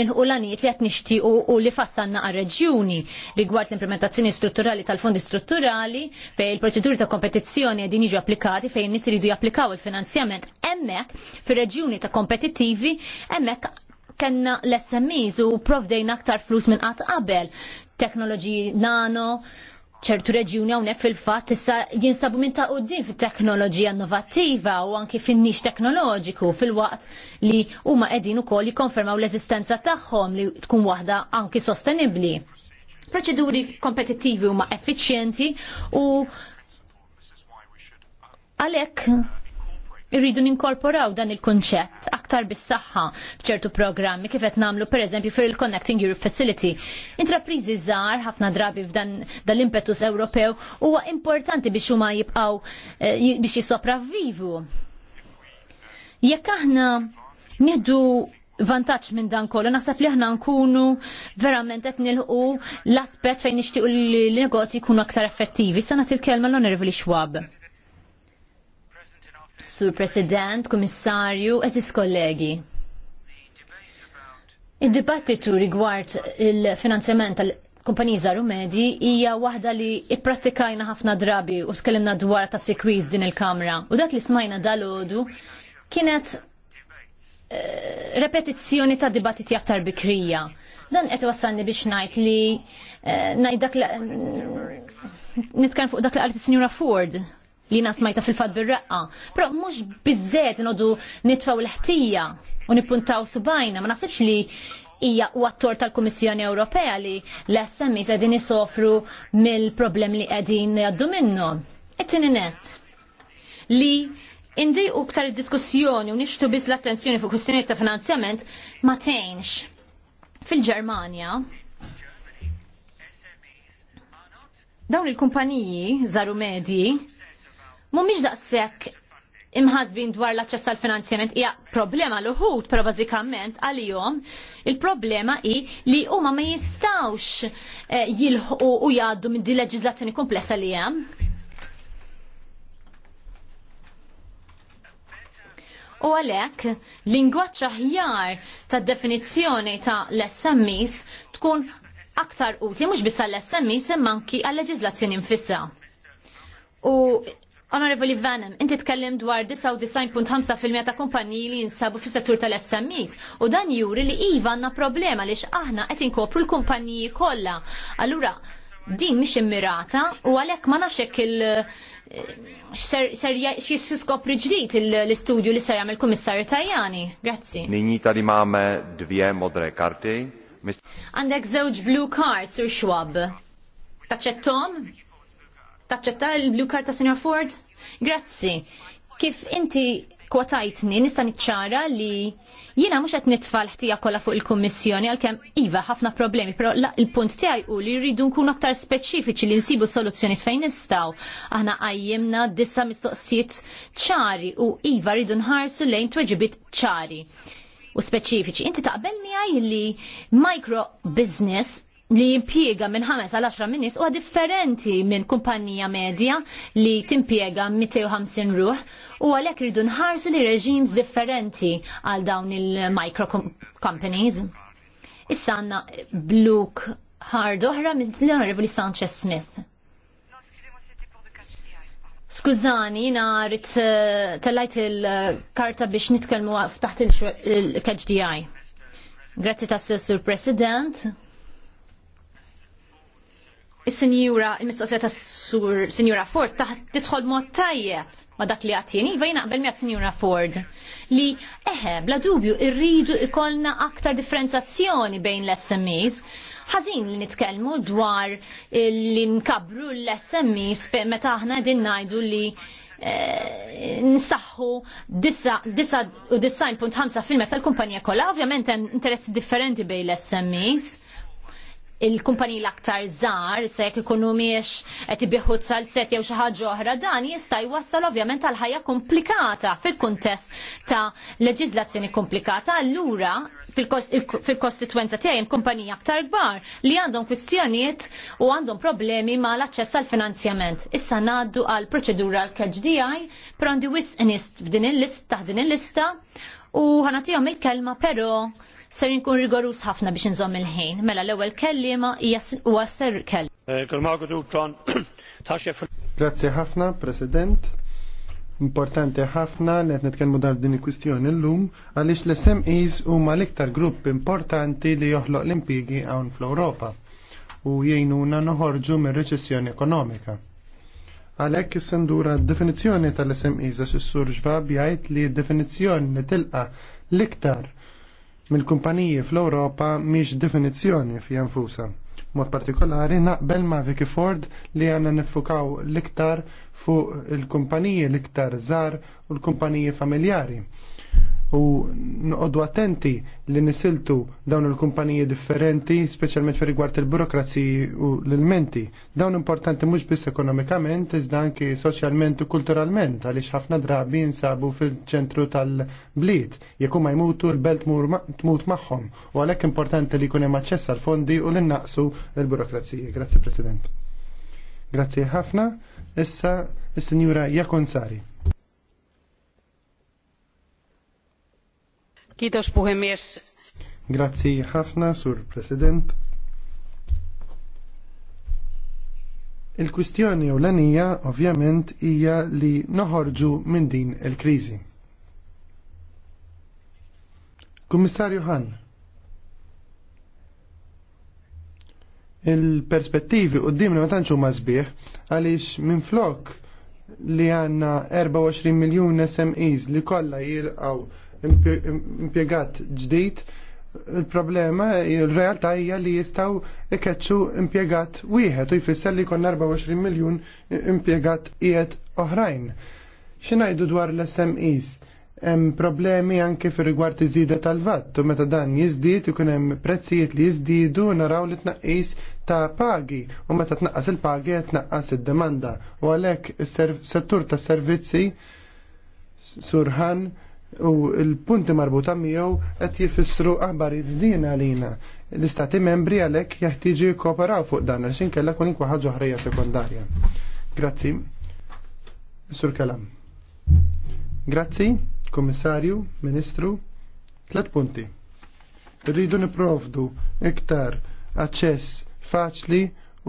nilħu l li qed nixtiequ u li fassanna għar-reġjuni rigward l-implementazzjoni strutturali tal-fondi strutturali fejn il-proċeduri ta' kompetizzjoni qegħdin jiġu applikati fejn nies iridu japplikaw il-finanzjament hemmhekk fir-reġjuni ta' kompetittivi hemmhekk kenna l-SMEs u provdejna aktar flus minn qatt qabel. Teknoloġiji nano, ċertu reġjuni hawnhekk fil-fatt issa jinsabu minn ta' quddin fit-teknoloġija innovattiva u anki fin-nix teknoloġiku fil-waqt li huma qegħdin ukoll jikkonfermaw l-eżistenza tagħhom li tkun waħda anki sostenibbli. Proċeduri kompetittivi huma effiċjenti u għalhekk irridu ninkorporaw dan il-konċett aktar bis-saħħa f'ċertu programmi kif qed nagħmlu pereżempju fir il-Connecting Europe Facility. Intrapriżi żgħar ħafna drabi f'dan dal-impetus Ewropew huwa importanti biex huma jibqgħu eh, biex jisopravvivu. Jekk aħna nieħdu vantaġġ minn dan kollu, naħseb li aħna nkunu verament qed nilħu l-aspett fejn nixtiequ li negozji jkunu aktar effettivi. Sa nagħti l-kelma l-Onorevoli Schwab. Sur President, Kummissarju, eżis kollegi. Id-dibattitu rigward il-finanzjament tal-kumpaniji żaru medji hija waħda li ipprattikajna ħafna drabi u tkellimna dwar ta' sikwif din il-kamra. U dak li smajna dal-ħodu kienet eh, repetizzjoni ta' dibattiti aktar bikrija. Dan qed wassalni biex ngħid li eh, ngħid dak nitkan fuq dak li qalet is-Sinjura Ford li nasmajta fil-fat bil-raqqa. Pero mux bizzet nodu nitfaw l-ħtija u nipuntaw subajna, ma nasibx li hija u attor tal-Kummissjoni Ewropea li l-SMI qegħdin isofru mill-problem li qegħdin jgħaddu minnu. It-tieni li indi u ktar diskussjoni u nishtu biz l-attenzjoni fuq kustjoni ta' finanzjament ma tgħinx. Fil-Ġermanja, dawn il-kumpaniji żaru medji mhumiex daqshekk imħazbin dwar l-aċċess għal finanzjament hija problema l uħud però bażikament għalihom il-problema hi li huma ma jistgħux eh, jilħqu u jgħaddu minn din leġiżlazzjoni komplessa li hemm. U għalhekk lingwaġġ aħjar ta' definizzjoni ta' l-SMIs tkun aktar utli mhux biss għall-SMIs imma anki għal leġiżlazzjoni nfissa. U Onorevoli Vanem, inti tkellem dwar 99.5% ta' kumpaniji li jinsabu fis settur tal-SMEs u dan juri li iva għandna problema lix aħna qed inkopru l-kumpaniji kollha. Allura, din mhix immirata u għalhekk ma nafx hekk il ser skopri ġdid l-istudju li ser jagħmel kummissarju Tajani. Grazzi. Ninji tali mame o modre karti. Għandek żewġ blue cards u xwab. Taċċettom? taċċetta l-Blue Card ta' Sr. Ford? Grazzi. Kif inti kwatajtni nista' niċċara li jiena mhux qed nitfal ħtija kollha fuq il-Kummissjoni għalkemm iva ħafna problemi, però il-punt tiegħi u li rridu nkunu aktar speċifiċi li nsibu soluzzjoni fejn nistgħu. Aħna għajjimna dissa mistoqsijiet ċari u iva rridu nħarsu lejn tweġibit ċari u speċifiċi. Inti taqbel miegħi li micro business li jimpiega minn 5 għal 10 minn u huwa differenti minn kumpanija medja li timpiega 250 ruħ u għalek ridu nħarsu li reġims differenti għal dawn il-micro companies. Issa għandna bluk ħard oħra minn l Sanchez Smith. Skużani, jina rrit eh, tellajt il-karta biex nitkellmu taħt il-KHDI. Grazzi tas-Sur President il-Sinjura, il mistoqsija ta' Sur Sinjura Ford ta' tidħol mod tajjeb ma dak li għatjeni, il-vajna naqbel mi Sinjura Ford li eħe, bla dubju, irridu ikolna aktar differenzazzjoni bejn l-SMEs. Ħażin li nitkellmu dwar li nkabru l-SMEs meta aħna din ngħidu li e, nsaħħu 99.5% tal-kumpanija kollha, ovvjament hemm interessi differenti bejn l-SMEs il kumpani l-aktar żgħar se jekk ikunu miex qed t salzet jew xi ħaġa oħra dan jista' jwassal ovvjament għal ħajja komplikata fil-kuntest ta' leġislazzjoni komplikata. Allura fil-kostitwenza tiegħi hemm kumpanija aktar kbar li għandhom kwistjonijiet u għandhom problemi ma l-aċċess għal finanzjament. Issa ngħaddu għal proċedura l-KHDI prandi wis nist f'din il-lista din il-lista u ħanatijom il-kelma pero ser nkun rigorus ħafna biex nżom il-ħin. Mela l-ewwel kellima hija ser kell. Eh, Grazzi ħafna, President. Importanti ħafna li qed nitkellmu dar din il-kwistjoni llum għaliex l-SMEs huma l-iktar grupp importanti li joħloq l impigi hawn fl-Ewropa u jgħinuna noħorġu mir-reċessjoni ekonomika. Għalhekk is-sendura d-definizzjoni tal-SMEs għax s sur ġvab jgħid li d-definizzjoni tilqa l-iktar mill-kumpaniji fl-Ewropa mhix definizzjoni fi nfusa. Mod partikolari naqbel ma' Vicky Ford li għanna nifukaw l-iktar fuq il-kumpaniji l-iktar u l-kumpaniji familjari u noqogħdu attenti li nisiltu dawn il-kumpaniji differenti, speċjalment fer rigward il-burokraziji u l-menti. Dawn importanti mhux biss ekonomikament, iżda anki soċjalment u kulturalment, għaliex ħafna drabi jinsabu fil-ċentru tal-bliet, jekk ma jmutu l-belt tmut magħhom, u għalhekk importanti li jkun hemm aċċess għal fondi u li naqsu l-burokraziji. Grazzi President. Grazzi ħafna. Issa is-Sinjura Jakonsari. Kiitos puhemies. Grazzi ħafna, Sur President. Il-kwistjoni ewlenija ovvjament hija li noħorġu minn din il-kriżi. Kummissarju Hann, il-perspettivi d-dimni ma tantx huma sbieħ għaliex minflok li għandna 24 miljun SMEs li kollha jirqaw impiegat ġdid, il-problema, il-realtà hija li jistaw ikeċċu impiegat wieħed u jfisser li kon 24 miljun impiegat qiegħed oħrajn. X'ingħidu dwar l-SMEs? Hemm problemi anke fir rigward iżida tal-vatt u meta dan jiżdied ikun hemm prezzijiet li jiżdiedu naraw li tnaqqis ta' pagi u meta tnaqqas il-pagi qed tnaqqas id-demanda u għalhekk is-settur tas-servizzi surħan u l-punti marbuta miegħu qed jifissru aħbarijiet żiena għalina. L-istati membri għalhekk jeħtieġu jikkooperaw fuq dan għal xinkella kwalinkwa ħaġa oħrejja sekondarja. Grazzi. Sur Kalam. Grazzi, Kummissarju, Ministru. Tlet punti. Rridu nipprovdu iktar aċċess faċli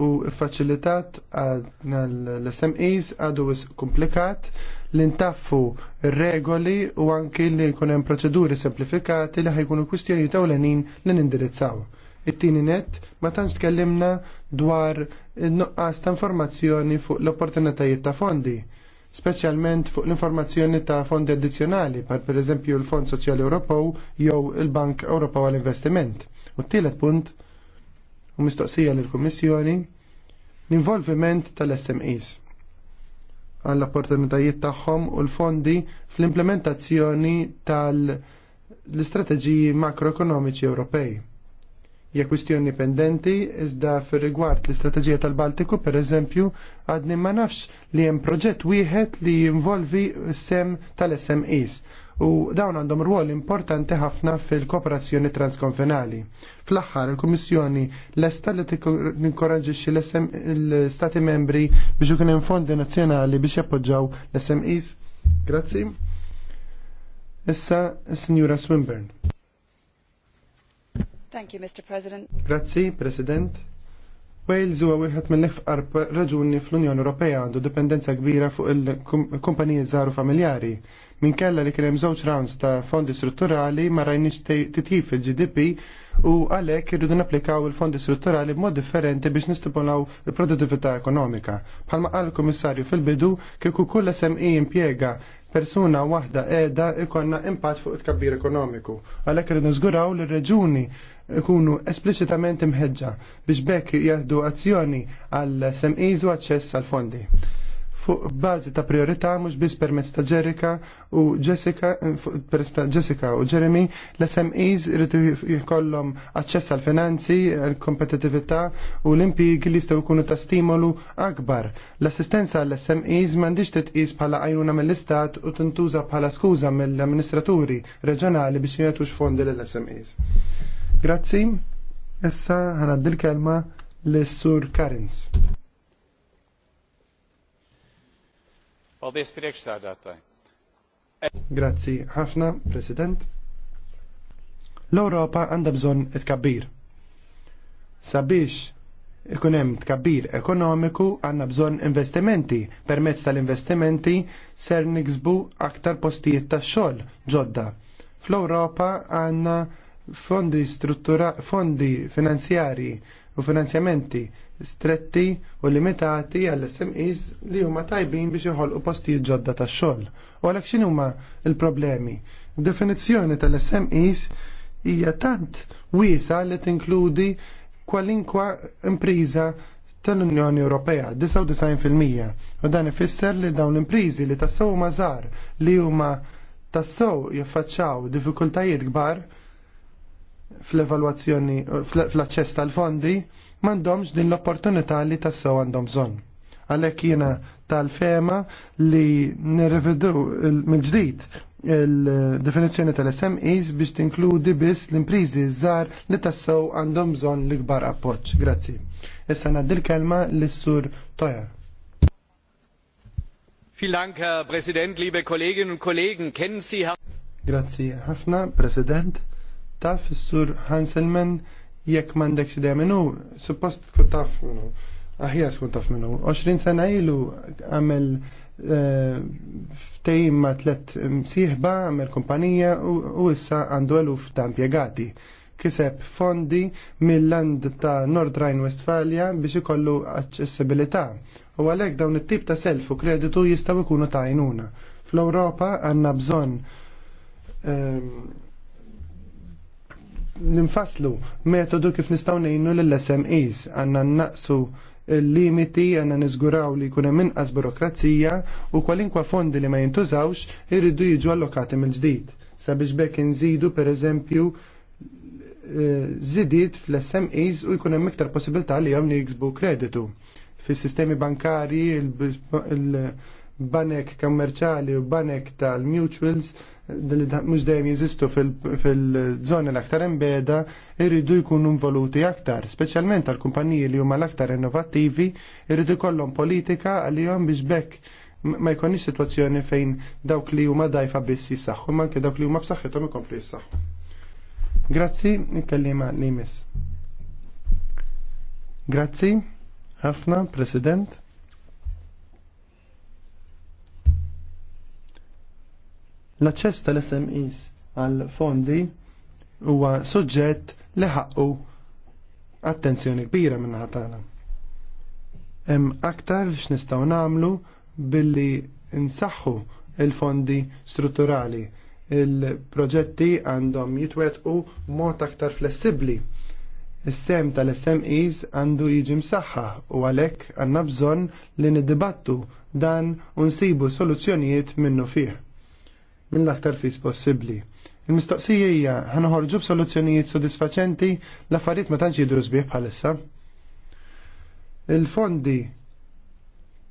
u faċilitat għal l-SMEs għadu komplikat komplikat li ntaffu regoli u anki li jkun hemm proċeduri semplifikati li ħajkunu kwistjoni tawlenin li nindirizzaw. It-tieni net ma tantx tkellimna dwar nuqqas ta' informazzjoni fuq l-opportunitajiet ta' fondi speċjalment fuq l-informazzjoni ta' fondi addizzjonali, par pereżempju l-Fond Soċjali Ewropew jew il-Bank Ewropew għall-Investiment. U t-tielet punt, u mistoqsija lill kummissjoni l-involviment tal-SMEs għall-opportunitajiet tagħhom u l-fondi fl-implementazzjoni tal-istrateġiji makroekonomiċi Ewropej. Hija kwistjoni pendenti iżda fir-rigward l-istrateġija tal-Baltiku pereżempju għadni ma nafx li hemm proġett wieħed li jinvolvi sem tal-SMEs u dawn għandhom rwol importanti ħafna fil-kooperazzjoni transkonfinali. Fl-aħħar, il-Kummissjoni lesta li tinkoraġixxi l-Stati membri biex ikun hemm fondi nazzjonali biex jappoġġaw l-SMEs. Grazzi. Issa, Signora Swinburne. Thank you, Mr. President. Grazzi, President. Wales huwa wieħed mill-ifqar raġuni fl-Unjoni Ewropea għandu dipendenza kbira fuq il-kumpaniji żgħar u familjari minkella li kien hemm żewġ rounds ta' fondi strutturali ma rajni titjif fil-GDP u għalhekk irridu napplikaw il-fondi strutturali b'mod differenti biex nistipulaw il-produttività ekonomika. Palma qal komissarju fil-bidu kieku kull SMI impjega persuna waħda qiegħda ikonna impatt fuq it-kabbir ekonomiku. Għalhekk irridu nżguraw li reġuni ikunu esplicitament imħeġġa biex bekk jahdu azzjoni għal SMEs u aċċess għal fondi fuq bażi ta' priorità mhux biss permezz ta' Jerika u Jessica eh, permezz ta' Jessica u Jeremy l-SMEs irridu jkollhom aċċess għal finanzi, għal kompetitività u l-impjiegi li jistgħu jkunu ta' stimolu akbar. L-assistenza għall smes m'għandix titqis bħala għajnuna mill-istat u tintuża bħala skuża mill-amministraturi reġjonali biex jagħtux fondi lill-SMEs. Grazzi. Issa ħanaddi l-kelma l-Sur Karins. Grazzi ħafna, President. L-Europa għandha bżonn tkabbir. Sabiex ikun hemm tkabbir ekonomiku għandna bżonn investimenti. Permezz tal-investimenti ser niksbu aktar postijiet tax-xogħol ġodda. Fl-Ewropa għandna fondi struttura fondi finanzjari u finanzjamenti stretti u limitati għall-SMEs li huma tajbin biex joħolqu postijiet ġodda tax xogħol. U għalhekk x'in huma l-problemi? Definizzjoni tal-SMEs hija tant wiesa li tinkludi kwalinkwa impriża tal-Unjoni Ewropea 99% u dan ifisser li dawn l-imprizi li tassew mażar li huma tassew jaffaċċaw diffikultajiet kbar fl-evalwazzjoni fl-aċċess tal-fondi m'għandhomx din l-opportunità li tassew għandhom bżonn. Għalhekk jiena tal-fema li nirrevedu mill-ġdid il-definizjoni tal-SMEs biex tinkludi biss l-imprizi zar li tassew għandhom bżonn l-ikbar appoġġ. Grazzi. Issa ngħaddi kelma lis-sur Toja. Vielen Dank, Herr Präsident, liebe Kolleginnen und Kollegen. Kennen Sie Herrn Grazzi ħafna, President. Taf is-sur Hanselman jekk m'għandekx idea minnu, suppost tkun taf minnu, aħjar tkun taf minnu. 20 sena ilu għamel eh, ftejim ma tlet msieħba għamel kumpanija u issa għandu eluf ta' impjegati. Kiseb fondi mill-land ta' Nord Rhine-Westfalia biex ikollu accessibilità u għalek dawn it-tip ta' self u kreditu jistaw ikunu ta' jnuna. Fl-Europa għanna bżon um, ehm, ninfaslu metodu kif nistgħu ngħinu lill-SMEs għandna naqsu il-limiti għanna nizguraw li hemm minqas burokrazija u kwalinkwa fondi li ma jintużawx irridu jiġu allokati mill-ġdid. Sabiex bekk nżidu per eżempju eh, zidiet fl-SMEs u jkun hemm iktar possibilità li jom jiksbu kreditu. Fis-sistemi bankari, il-banek kommerċali u banek tal-mutuals li mhux dejjem jeżistu fil-żoni l-aktar imbeda irridu jkunu involuti aktar, speċjalment għal kumpaniji li huma l-aktar innovattivi irridu jkollhom politika għalihom biex bekk ma jkunni sitwazzjoni fejn dawk li huma dajfa biss jisaħħu, ma anke dawk li huma b'saħħithom ikomplu jissaħħu. Grazzi, nikkellima li miss. Grazzi, ħafna, President. L-aċċess tal-SMEs għal fondi huwa suġġett li ħaqqu attenzjoni kbira minn ħatana. Hemm aktar li x'nistgħu nagħmlu billi nsaħħu il-fondi strutturali. Il-proġetti għandhom jitwetqu mod aktar flessibbli. Is-sem tal-SMEs għandu jiġi msaħħa u għalhekk għandna bżonn li niddibattu dan u nsibu soluzzjonijiet minnu fih minn l-aktar fis possibbli. Il-mistoqsija hija ħanħorġu b'soluzzjonijiet sodisfaċenti l-affarijiet ma tantx jidru sbieħ bħalissa. Il-fondi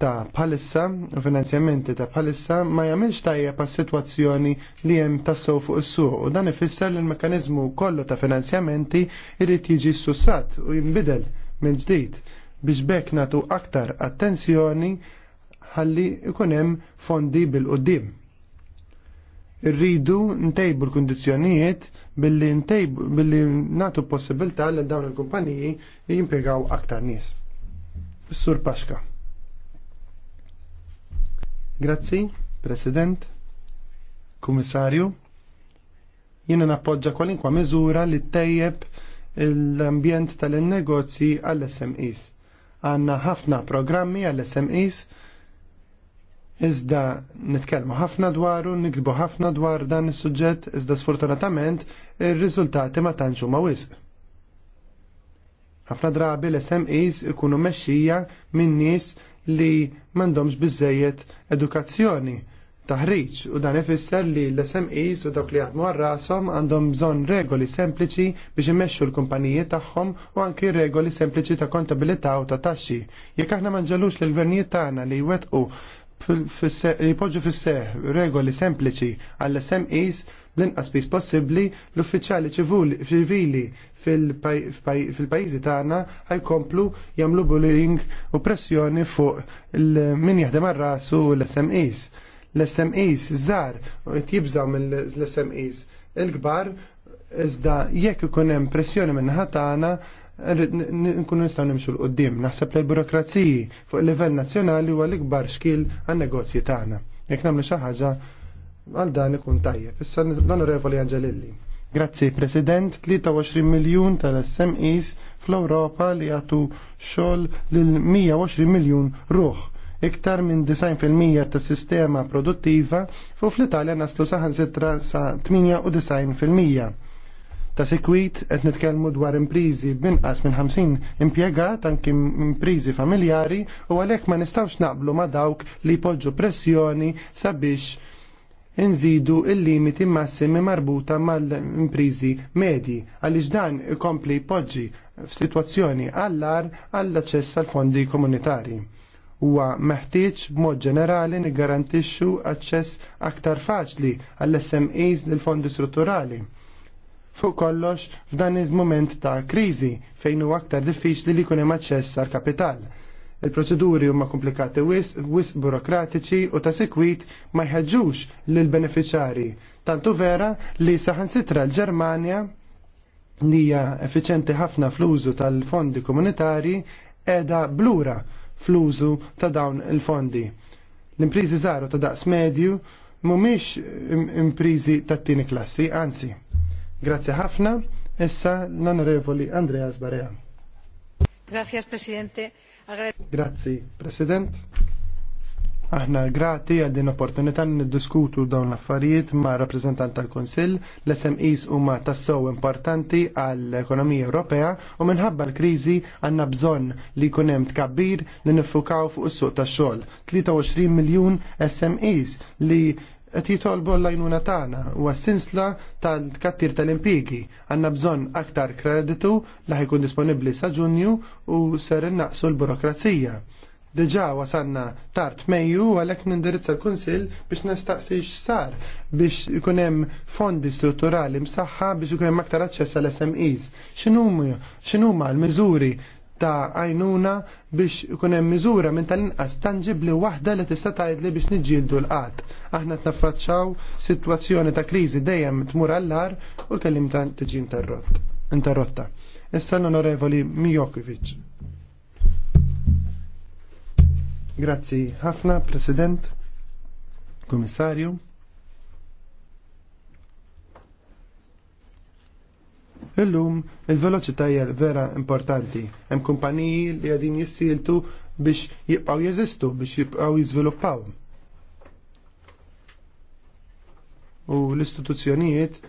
ta' bħalissa u finanzjamenti ta' bħalissa ma jagħmilx tajja pa' sitwazzjoni li hemm tassew fuq is-suq u dan ifisser li l-mekkaniżmu kollu ta' finanzjamenti jrid jiġi sussat u jinbidel mill-ġdid biex bekk nagħtu aktar attenzjoni ħalli ikun hemm fondi bil-qudiem. Irridu ntejbu l-kondizjonijiet billi ntejbu billi natu possibilità li dawn il-kumpaniji jimpiegaw aktar nies. Sur Paxka. Grazzi, President, Kummissarju. Jiena nappoġġa kwalinkwa miżura li tejjeb l-ambjent tal-negozji għall-SMEs. Għanna ħafna programmi għall-SMEs Iżda nitkellmu ħafna dwaru, nikbu ħafna dwar dan is-suġġett, iżda sfortunatament ir-riżultati ma tantx huma wisq. Ħafna drabi l-SMEs ikunu mexxija minn nies li m'għandhomx biżejjed edukazzjoni taħriġ u dan ifisser li l-SMEs u dawk li jaħdmu għar-rashom għandhom bżonn regoli sempliċi biex imexxu l-kumpaniji tagħhom u anki regoli sempliċi ta' kontabilità u ta' taxxi. Jekk aħna ma nġelux lill gvernijiet tagħna li jwettqu jipoġġu fis seħħ regoli sempliċi għall smis l-inqas pis possibbli l-uffiċjali ċivili fil-pajjiżi tagħna jkomplu jagħmlu bullying u pressjoni fuq min jaħdem ar-rasu l-SMEs. L-SMEs żar jibżgħu mill-SMEs il-kbar iżda jekk ikun hemm pressjoni minn ħatana tagħna nkunu nistgħu nimxu l qoddim Naħseb li l-burokraziji fuq il-livell nazzjonali huwa l-ikbar xkil għan-negozji tagħna. Jekk nagħmlu xi ħaġa għal dan ikun tajjeb. Issa l-Onorevoli Angelilli. Grazzi, President, 23 miljun tal-SMEs fl-Europa li għatu xol l-120 miljun ruħ. Iktar minn 90% tas sistema produttiva fu fl-Italja naslu saħan sitra sa 98%. Ta' sekwit qed nitkellmu dwar imprizi b'inqas minn 50 impjegat anki imprizi familjari u għalhekk ma nistgħux naqblu ma' dawk li jpoġġu pressjoni sabiex inżidu il-limiti massimi marbuta mal-imprizi medji għaliex dan ikompli jpoġġi f'sitwazzjoni għallar għall-aċċess għal fondi komunitarji huwa meħtieġ b'mod ġenerali niggarantixxu aċċess aktar faċli għall smes lill fondi strutturali fuq kollox f'dan il-moment ta' kriżi fejn huwa aktar diffiċli li jkun hemm aċċess għal kapital. Il-proċeduri huma komplikati wis, wis burokratiċi u ta' sekwit ma jħeġġux lil beneficjari Tantu vera li saħansitra l-Ġermanja li hija effiċenti ħafna fl-użu tal-fondi komunitari edha blura fl-użu ta' dawn il-fondi. L-imprizi żaru ta' daqs medju mhumiex imprizi tat-tieni klassi, anzi. Grazie ħafna, issa l-Onorevoli Andreas Barea. Grazie, Presidente. Grazie, President. Aħna grati għal din opportunità niddiskutu dawn l-affarijiet ma' rappresentant tal-Konsill, l-SMEs huma tassew importanti għall ekonomija Ewropea u minħabba l-kriżi għandna bżonn li jkun hemm tkabbir li niffukaw fuq is-suq tax-xogħol. 23 miljun SMEs li qed jitolbu l-lajnuna tagħna u sinsla tal-kattir tal-impigi. għanna bżonn aktar kreditu laħi kun disponibbli sa' Ġunju u ser innaqsu l-burokrazija. Diġà wasanna tard Mejju għalhekk nindirizza l-Kunsill biex nistaqsi sar biex ikun hemm fondi strutturali msaħħa biex ikun hemm aktar aċċess għall SMEs. X'inhuma l-miżuri ta' għajnuna biex ikun hemm miżura minn tal-inqas tanġibli waħda li tista' tgħidli biex niġġieldu l-qatt. Aħna tnaffaċċaw sitwazzjoni ta' kriżi dejjem tmur għall-ar u kellim ta' tiġi interrotta. Issa l-Onorevoli Mijokovic. Grazzi ħafna, President, Komissarju. Illum il-veloċità hija vera importanti. Hemm kumpaniji li għadin jissiltu biex jibqgħu jeżistu, biex jibqgħu jiżviluppaw. U l-istituzzjonijiet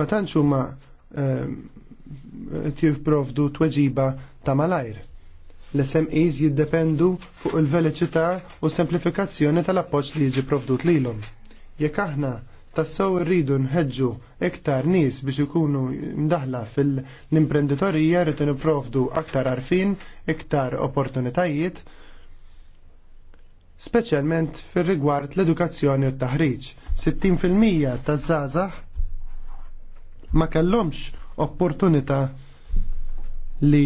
ma tantx huma ehm, qed jipprovdu tweġiba ta' malajr. L-SMEs jiddependu fuq il-veloċità u semplifikazzjoni tal-appoġġ li jiġi provdut lilhom. Jekk aħna tassaw rridu nħedġu iktar nis biex ikunu mdaħla fil-imprenditorija rridu niprofdu aktar arfin, iktar opportunitajiet, speċjalment fil rigward l-edukazzjoni u t-taħriġ. 60% taż-żgħażagħ ma kellhomx opportunità li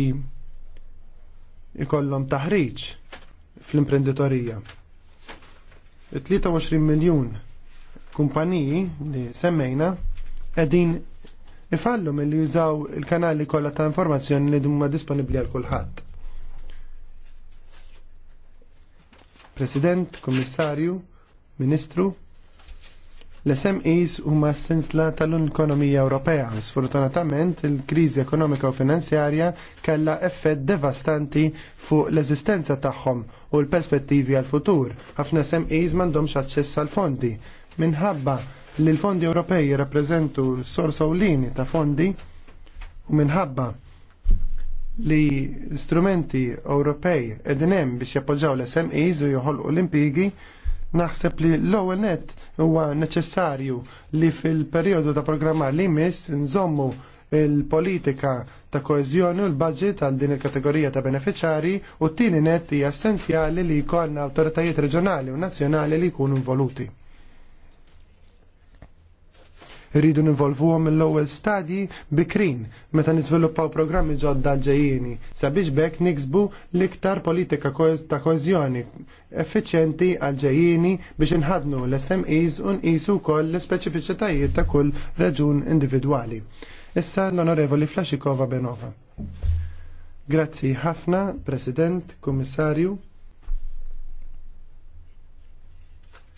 ikollhom taħriġ fl-imprenditorija. 23 miljun kumpaniji li semmejna qegħdin ifallu li jużaw il-kanali kollha ta' informazzjoni li huma disponibbli għal kulħadd. President, Komissarju, Ministru, L-SMEs huma s-sinsla tal-ekonomija Ewropea. Sfortunatament, il-kriżi ekonomika u finanzjarja kellha effett devastanti fuq l-eżistenza tagħhom u l-perspettivi għal-futur. Ħafna SMEs m'għandhomx aċċess għal fondi minħabba li l-fondi Ewropej jirrappreżentu l-sors ulini ta' fondi u minħabba li strumenti Ewropej qegħdin hemm biex jappoġġaw l-SMEs u joħolqu l-impigi, naħseb li l-ewwel net huwa neċessarju li fil-perjodu ta' programmar li jmiss nżommu il-politika ta' koeżjoni u l-budget għal din il-kategorija ta' beneficjari u t-tieni net hija essenzjali li jkollna awtoritajiet reġjonali u nazzjonali li jkunu involuti. Irridu nivolvuhom mill-ewwel stadji bikrin meta niżviluppaw programmi ġodda ġejjini sabiex bekk niksbu l-iktar politika ta' koeżjoni effiċjenti għal ġejjini biex inħadnu l-SMEs u nqisu wkoll l-ispeċifiċitajiet ta' kull reġun individwali. Issa l-Onorevoli Flashikova Benova. Grazzi ħafna, President, Kummissarju.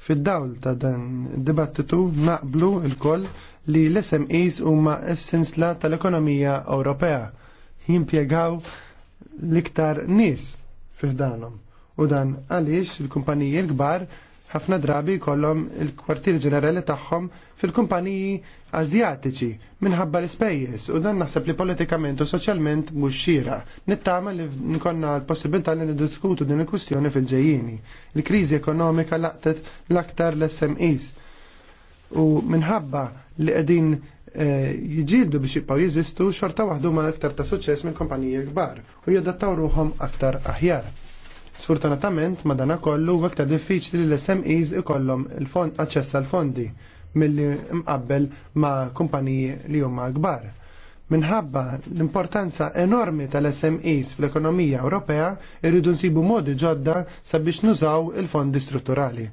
Fid-dawl ta' dan dibattitu naqblu lkoll koll li l-SMEs huma essenzla tal-ekonomija Ewropea jimpjegaw l-iktar nies fiħdanhom. U dan għaliex il-kumpaniji l-kbar ħafna drabi jkollhom il-kwartier ġenerali tagħhom fil-kumpaniji Azjatiċi minħabba l-ispejjeż u dan naħseb li politikament u soċjalment mhux xira. Nittama li nkonna l-possibilità li niddiskutu din il-kwistjoni fil-ġejjieni. Il-kriżi ekonomika laqtet l-aktar l-SMEs. U minħabba li qegħdin eh, jiġildu biex jibqgħu jeżistu xorta waħdu ma aktar ta' suċċess minn kumpaniji kbar u jadattaw ruhom aktar aħjar. Sfortunatament madana kollu aktar diffiċli li l-SMEs ikollhom il-fond aċċess għal fondi milli mqabbel ma' kumpaniji li huma kbar. Minħabba l-importanza enormi tal-SMEs fl-ekonomija Ewropea irridu nsibu modi ġodda sabiex nużaw il-fondi strutturali.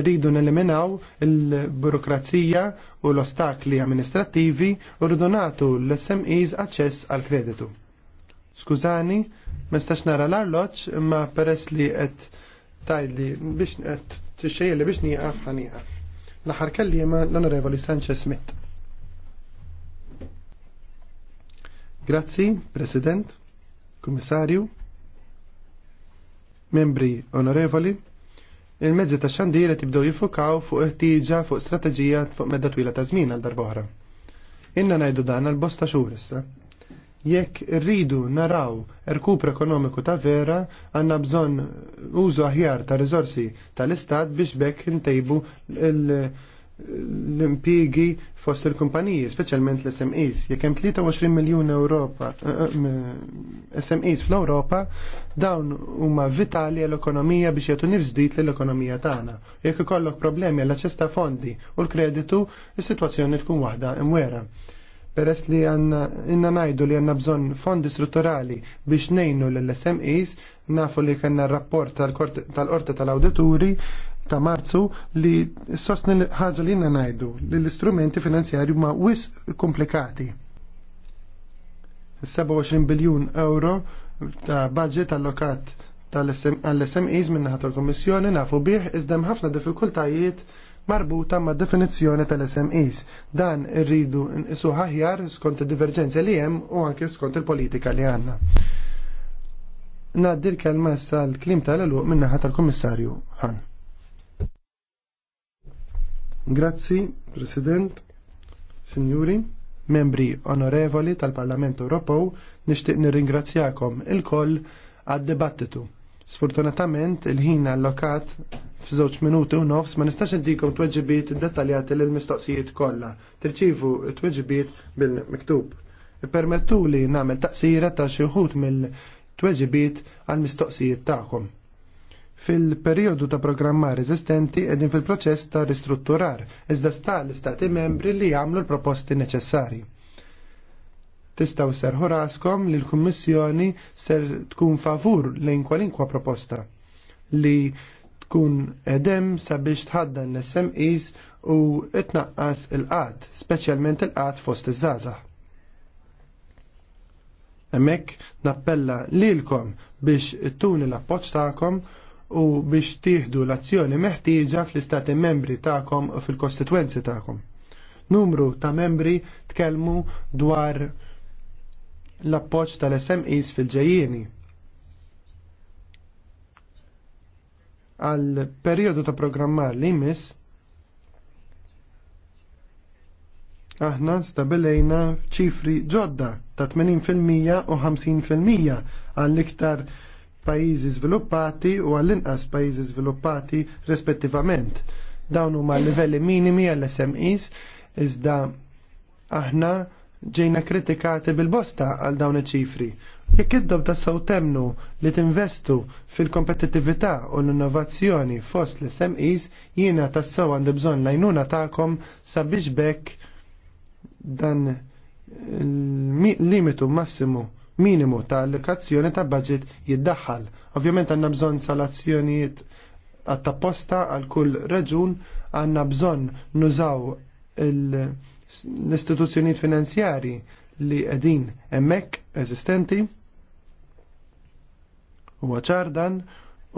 Rridu neliminaw il-burokrazija u l-ostakli amministrattivi u rridu natu l-SMEs aċċess għal kreditu. Skużani, ma stax nara l-arloċ, ma peress li qed tajli biex qed tixxejjel biex nieqaf ħanieqaf. L-aħħar kelliema l-Onorevoli Sanchez Smith. Grazzi, President, Kummissarju, membri onorevoli, il-mezzi ta' xandira tibdew jifukaw fuq ħtieġa fuq strateġija fuq medda twila ta' żmien għal darbohra. Inna ngħidu dan għal bosta xhur issa. Jekk rridu naraw erkupru ekonomiku ta' vera, għanna bżon użu aħjar ta' rizorsi tal-istat biex bekk intejbu l impiegi fost il-kumpaniji, specialment l-SMEs. Jekk hemm 23 miljun Europa eh, eh, eh, SMEs fl-Europa, dawn huma vitali għall-ekonomija biex jagħtu nifżdit lill-ekonomija tagħna. Jekk ikollok problemi għall-aċċess ta' fondi u l-kreditu, is-sitwazzjoni tkun waħda imwera. Peress li għanna inna najdu li għanna bżon fondi strutturali biex nejnu l-SMEs, nafu li kanna rapport tal-orta tal-auditori ta' marzu li sostni ħagġa li inna najdu li l-istrumenti finanzjarju ma' wis komplikati. 27 biljun euro ta' budget allokat għall-SMEs minna tal komissjoni nafu bih izdem ħafna diffikultajiet marbuta ma' definizzjoni tal-SMEs. Dan irridu nqisu ħaħjar skont id-diverġenzi li hemm u anke skont il-politika li għandna. Naddir kelma issa l-klim tal minna ħat tal-Kummissarju Han. Grazzi, President, Signuri membri onorevoli tal-Parlament Ewropew nixtieq nirringrazzjakom ilkoll għad-dibattitu. Sfortunatament, il-ħin allokat f'żewġ minuti u nofs ma nistax indikom tweġibiet dettaljati lil mistoqsijiet kollha. Tirċivu tweġibiet bil-miktub. Permettu li nagħmel taqsira ta' xi wħud mill-tweġibiet għall mistoqsijiet tagħkom fil-periodu ta' programmar eżistenti edin fil-proċess ta' ristrutturar, iżda sta' l-istati membri li jagħmlu l-proposti neċessari. Tistaw ser raskom li l-Kummissjoni ser tkun favur lejn kwalinkwa proposta li tkun edem sabiex tħaddan l-SMEs u itnaqqas il-qad, speċjalment il-qad fost iż-żazax. Emmek nappella lilkom biex tuni l-appoċ ta'kom u biex tieħdu l-azzjoni meħtieġa fl-istati membri ta'kom u fil-kostituenzi ta'kom. Numru ta' membri tkellmu dwar l-appoġġ tal-SMEs fil-ġejjieni. Għal perjodu ta' programmar li jmiss, aħna stabilejna ċifri ġodda ta' 80% u 50% għall-iktar pajjiżi sviluppati u għall-inqas pajjiżi sviluppati rispettivament. Dawn huma livelli minimi għall-SMEs iżda aħna ġejna kritikati bil-bosta għal dawn iċ-ċifri. Jekk id-dob tassaw temnu li tinvestu fil-kompetittività u l-innovazzjoni fost li semqis jiena tassaw għandi bżonn lajnuna tagħkom sabiex bekk dan il-limitu massimu minimu ta' allokazzjoni ta' budget jiddaħħal. Ovvjament għanna bżon salazzjonijiet għatta posta għal kull reġun għanna bżon nużaw il- l-istituzzjonijiet finanzjari li qegħdin hemmhekk eżistenti huwa ċar dan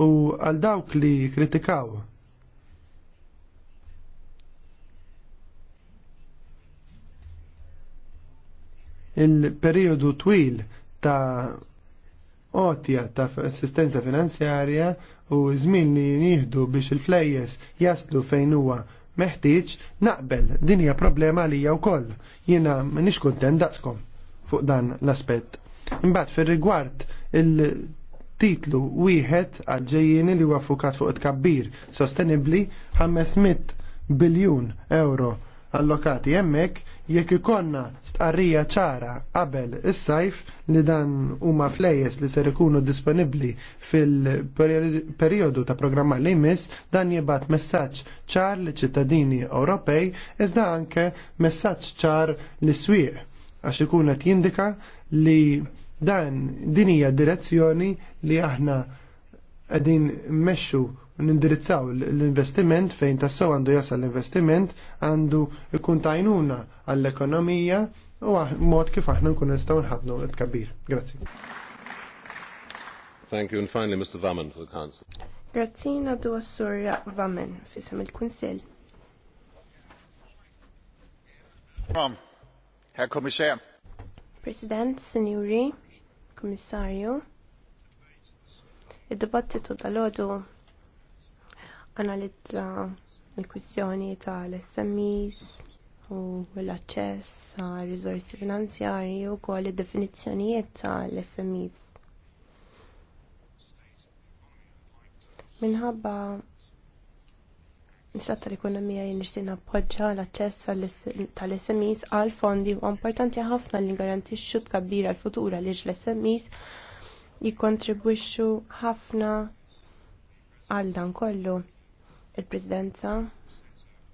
u għal dawk li kritikaw il-periodu twil ta' otja ta' assistenza finanzjarja u żmien li jieħdu biex il-flejjes jaslu fejn huwa meħtieġ naqbel din hija problema għalija wkoll. Jiena m'iniex kuntent daqskom fuq dan l-aspett. Imbagħad fir-rigward il-titlu wieħed għal ġejjieni li huwa fukat fuq it-kabbir sostenibbli 500 biljun euro allokati hemmhekk jekk ikonna stqarrija ċara qabel is-sajf li dan huma flejjes li ser ikunu disponibbli fil-perjodu ta' programma li jmiss dan jibgħat messaġġ ċar li ċittadini Ewropej iżda anke messaġġ ċar li swieq għax ikun qed jindika li dan din hija direzzjoni li aħna qegħdin mmexxu nindirizzaw l-investiment fejn tassaw għandu jasal l-investiment għandu ikun tajnuna għall-ekonomija u mod kif aħna nkun nistgħu nħadnu kabir. Grazzi. Thank you and finally Mr. Vaman for the council. Grazzi għadu għassurja Vaman fissam il-Kunsill. kunsel um, Herr Kommissar. President, Signori, Kommissarju, il dibattitu tal-ħodu analizza l-kwistjoni tal-SMEs u l-aċċess ta' riżorsi finanzjarji u kol id-definizzjonijiet l smes Minħabba Nisat l-ekonomija jinnixtin appoġġa l-aċċess tal-SMEs għal fondi u importanti ħafna li xut tkabbir l futura liġ l-SMEs jikontribwixxu ħafna għal dan kollu il-Presidenza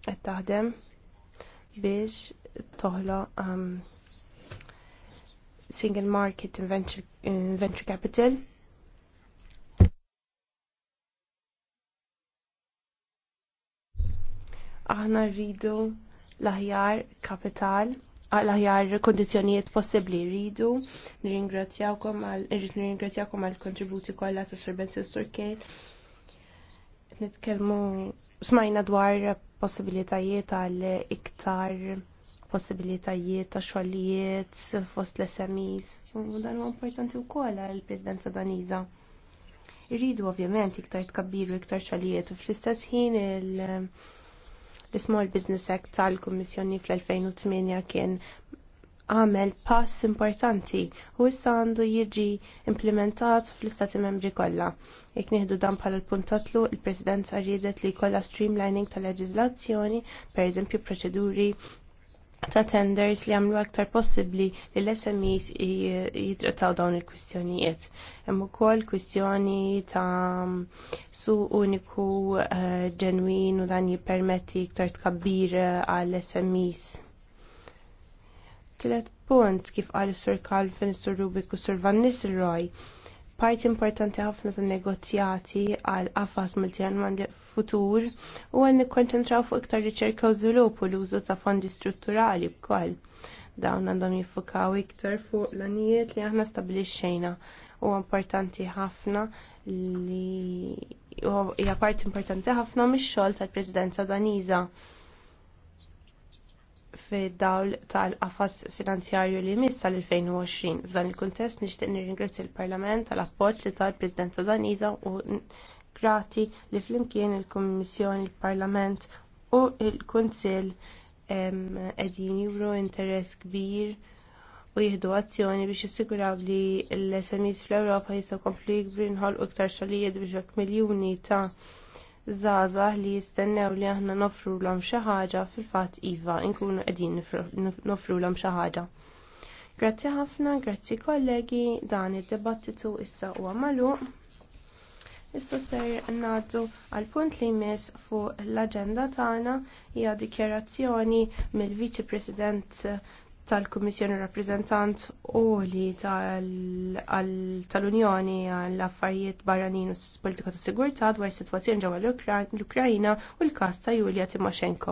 qed taħdem biex toħloq um, Single Market in Venture, in venture Capital. Aħna rridu l-aħjar kapital l-aħjar kondizjonijiet possibli rridu. Nirringrazzjawkom għal kontributi kollha tas-Sur Bensil nitkellmu smajna dwar possibilitajiet għal iktar possibilitajiet ta' xogħlijiet fost l-SMEs u dan huwa importanti wkoll għall presidenza Daniża. Irridu ovvjament iktar tkabbiru iktar xogħlijiet u fl-istess ħin l-Small Business Act tal-Kummissjoni fl-2008 kien għamel pass importanti u issa għandu jiġi implementat fl-istati membri kollha. Jekk nieħdu dan bħala l-puntatlu, il-Presidenza riedet li kollha streamlining tal-leġiżlazzjoni, pereżempju proċeduri ta' tenders li għamlu aktar possibli li l-SMEs jitrattaw dawn il-kwistjonijiet. Hemm ukoll kwistjoni ta' su uniku eh, ġenwin u dan jippermetti iktar tkabbir eh, għall-SMEs. Tlet punt kif qal is-Sur Calvin, is-Sur Rubik u s-Sur Van Nistelrooy. Parti importanti ħafna tan negozjati għal qafas multijanwali futur u għan nikkonċentraw fuq iktar riċerka u żvilupp u l-użu ta' fondi strutturali wkoll. Dawn għandhom jiffukaw iktar fuq l-anijiet li aħna stabilixxejna u importanti ħafna li hija parti importanti ħafna mix-xogħol tal-Presidenza Daniża fid-dawl tal-qafas finanzjarju li jmiss tal-2020. F'dan il-kuntest nixtieq nirringrazzja l-Parlament tal-appoġġ li tal presidenza Daniża u grati li flimkien il-Kummissjoni, il-Parlament u il-Kunsill qegħdin juru interess kbir u jieħdu azzjoni biex jissiguraw li l-SMEs fl-Ewropa jistgħu komplu jikbru nħolqu iktar xogħlijiet biex miljuni ta' żgħażagħ li jistennew li aħna nofrulhom xi ħaġa fil-fatt iva nkunu qegħdin nofrulhom xi ħaġa. Grazzi ħafna, grazzi kollegi, dan id debattitu issa huwa magħluq. Issa ser ngħaddu għal punt li jmiss fuq l-aġenda tagħna hija dikjerazzjoni mill-Viċi President tal-Kummissjoni Rappreżentant Oli tal-Unjoni għall-Affarijiet Barranin u Politika ta' Sigurtà dwar is-sitwazzjoni ġewwa l-Ukrajna u l-każ ta' Julia Timoshenko.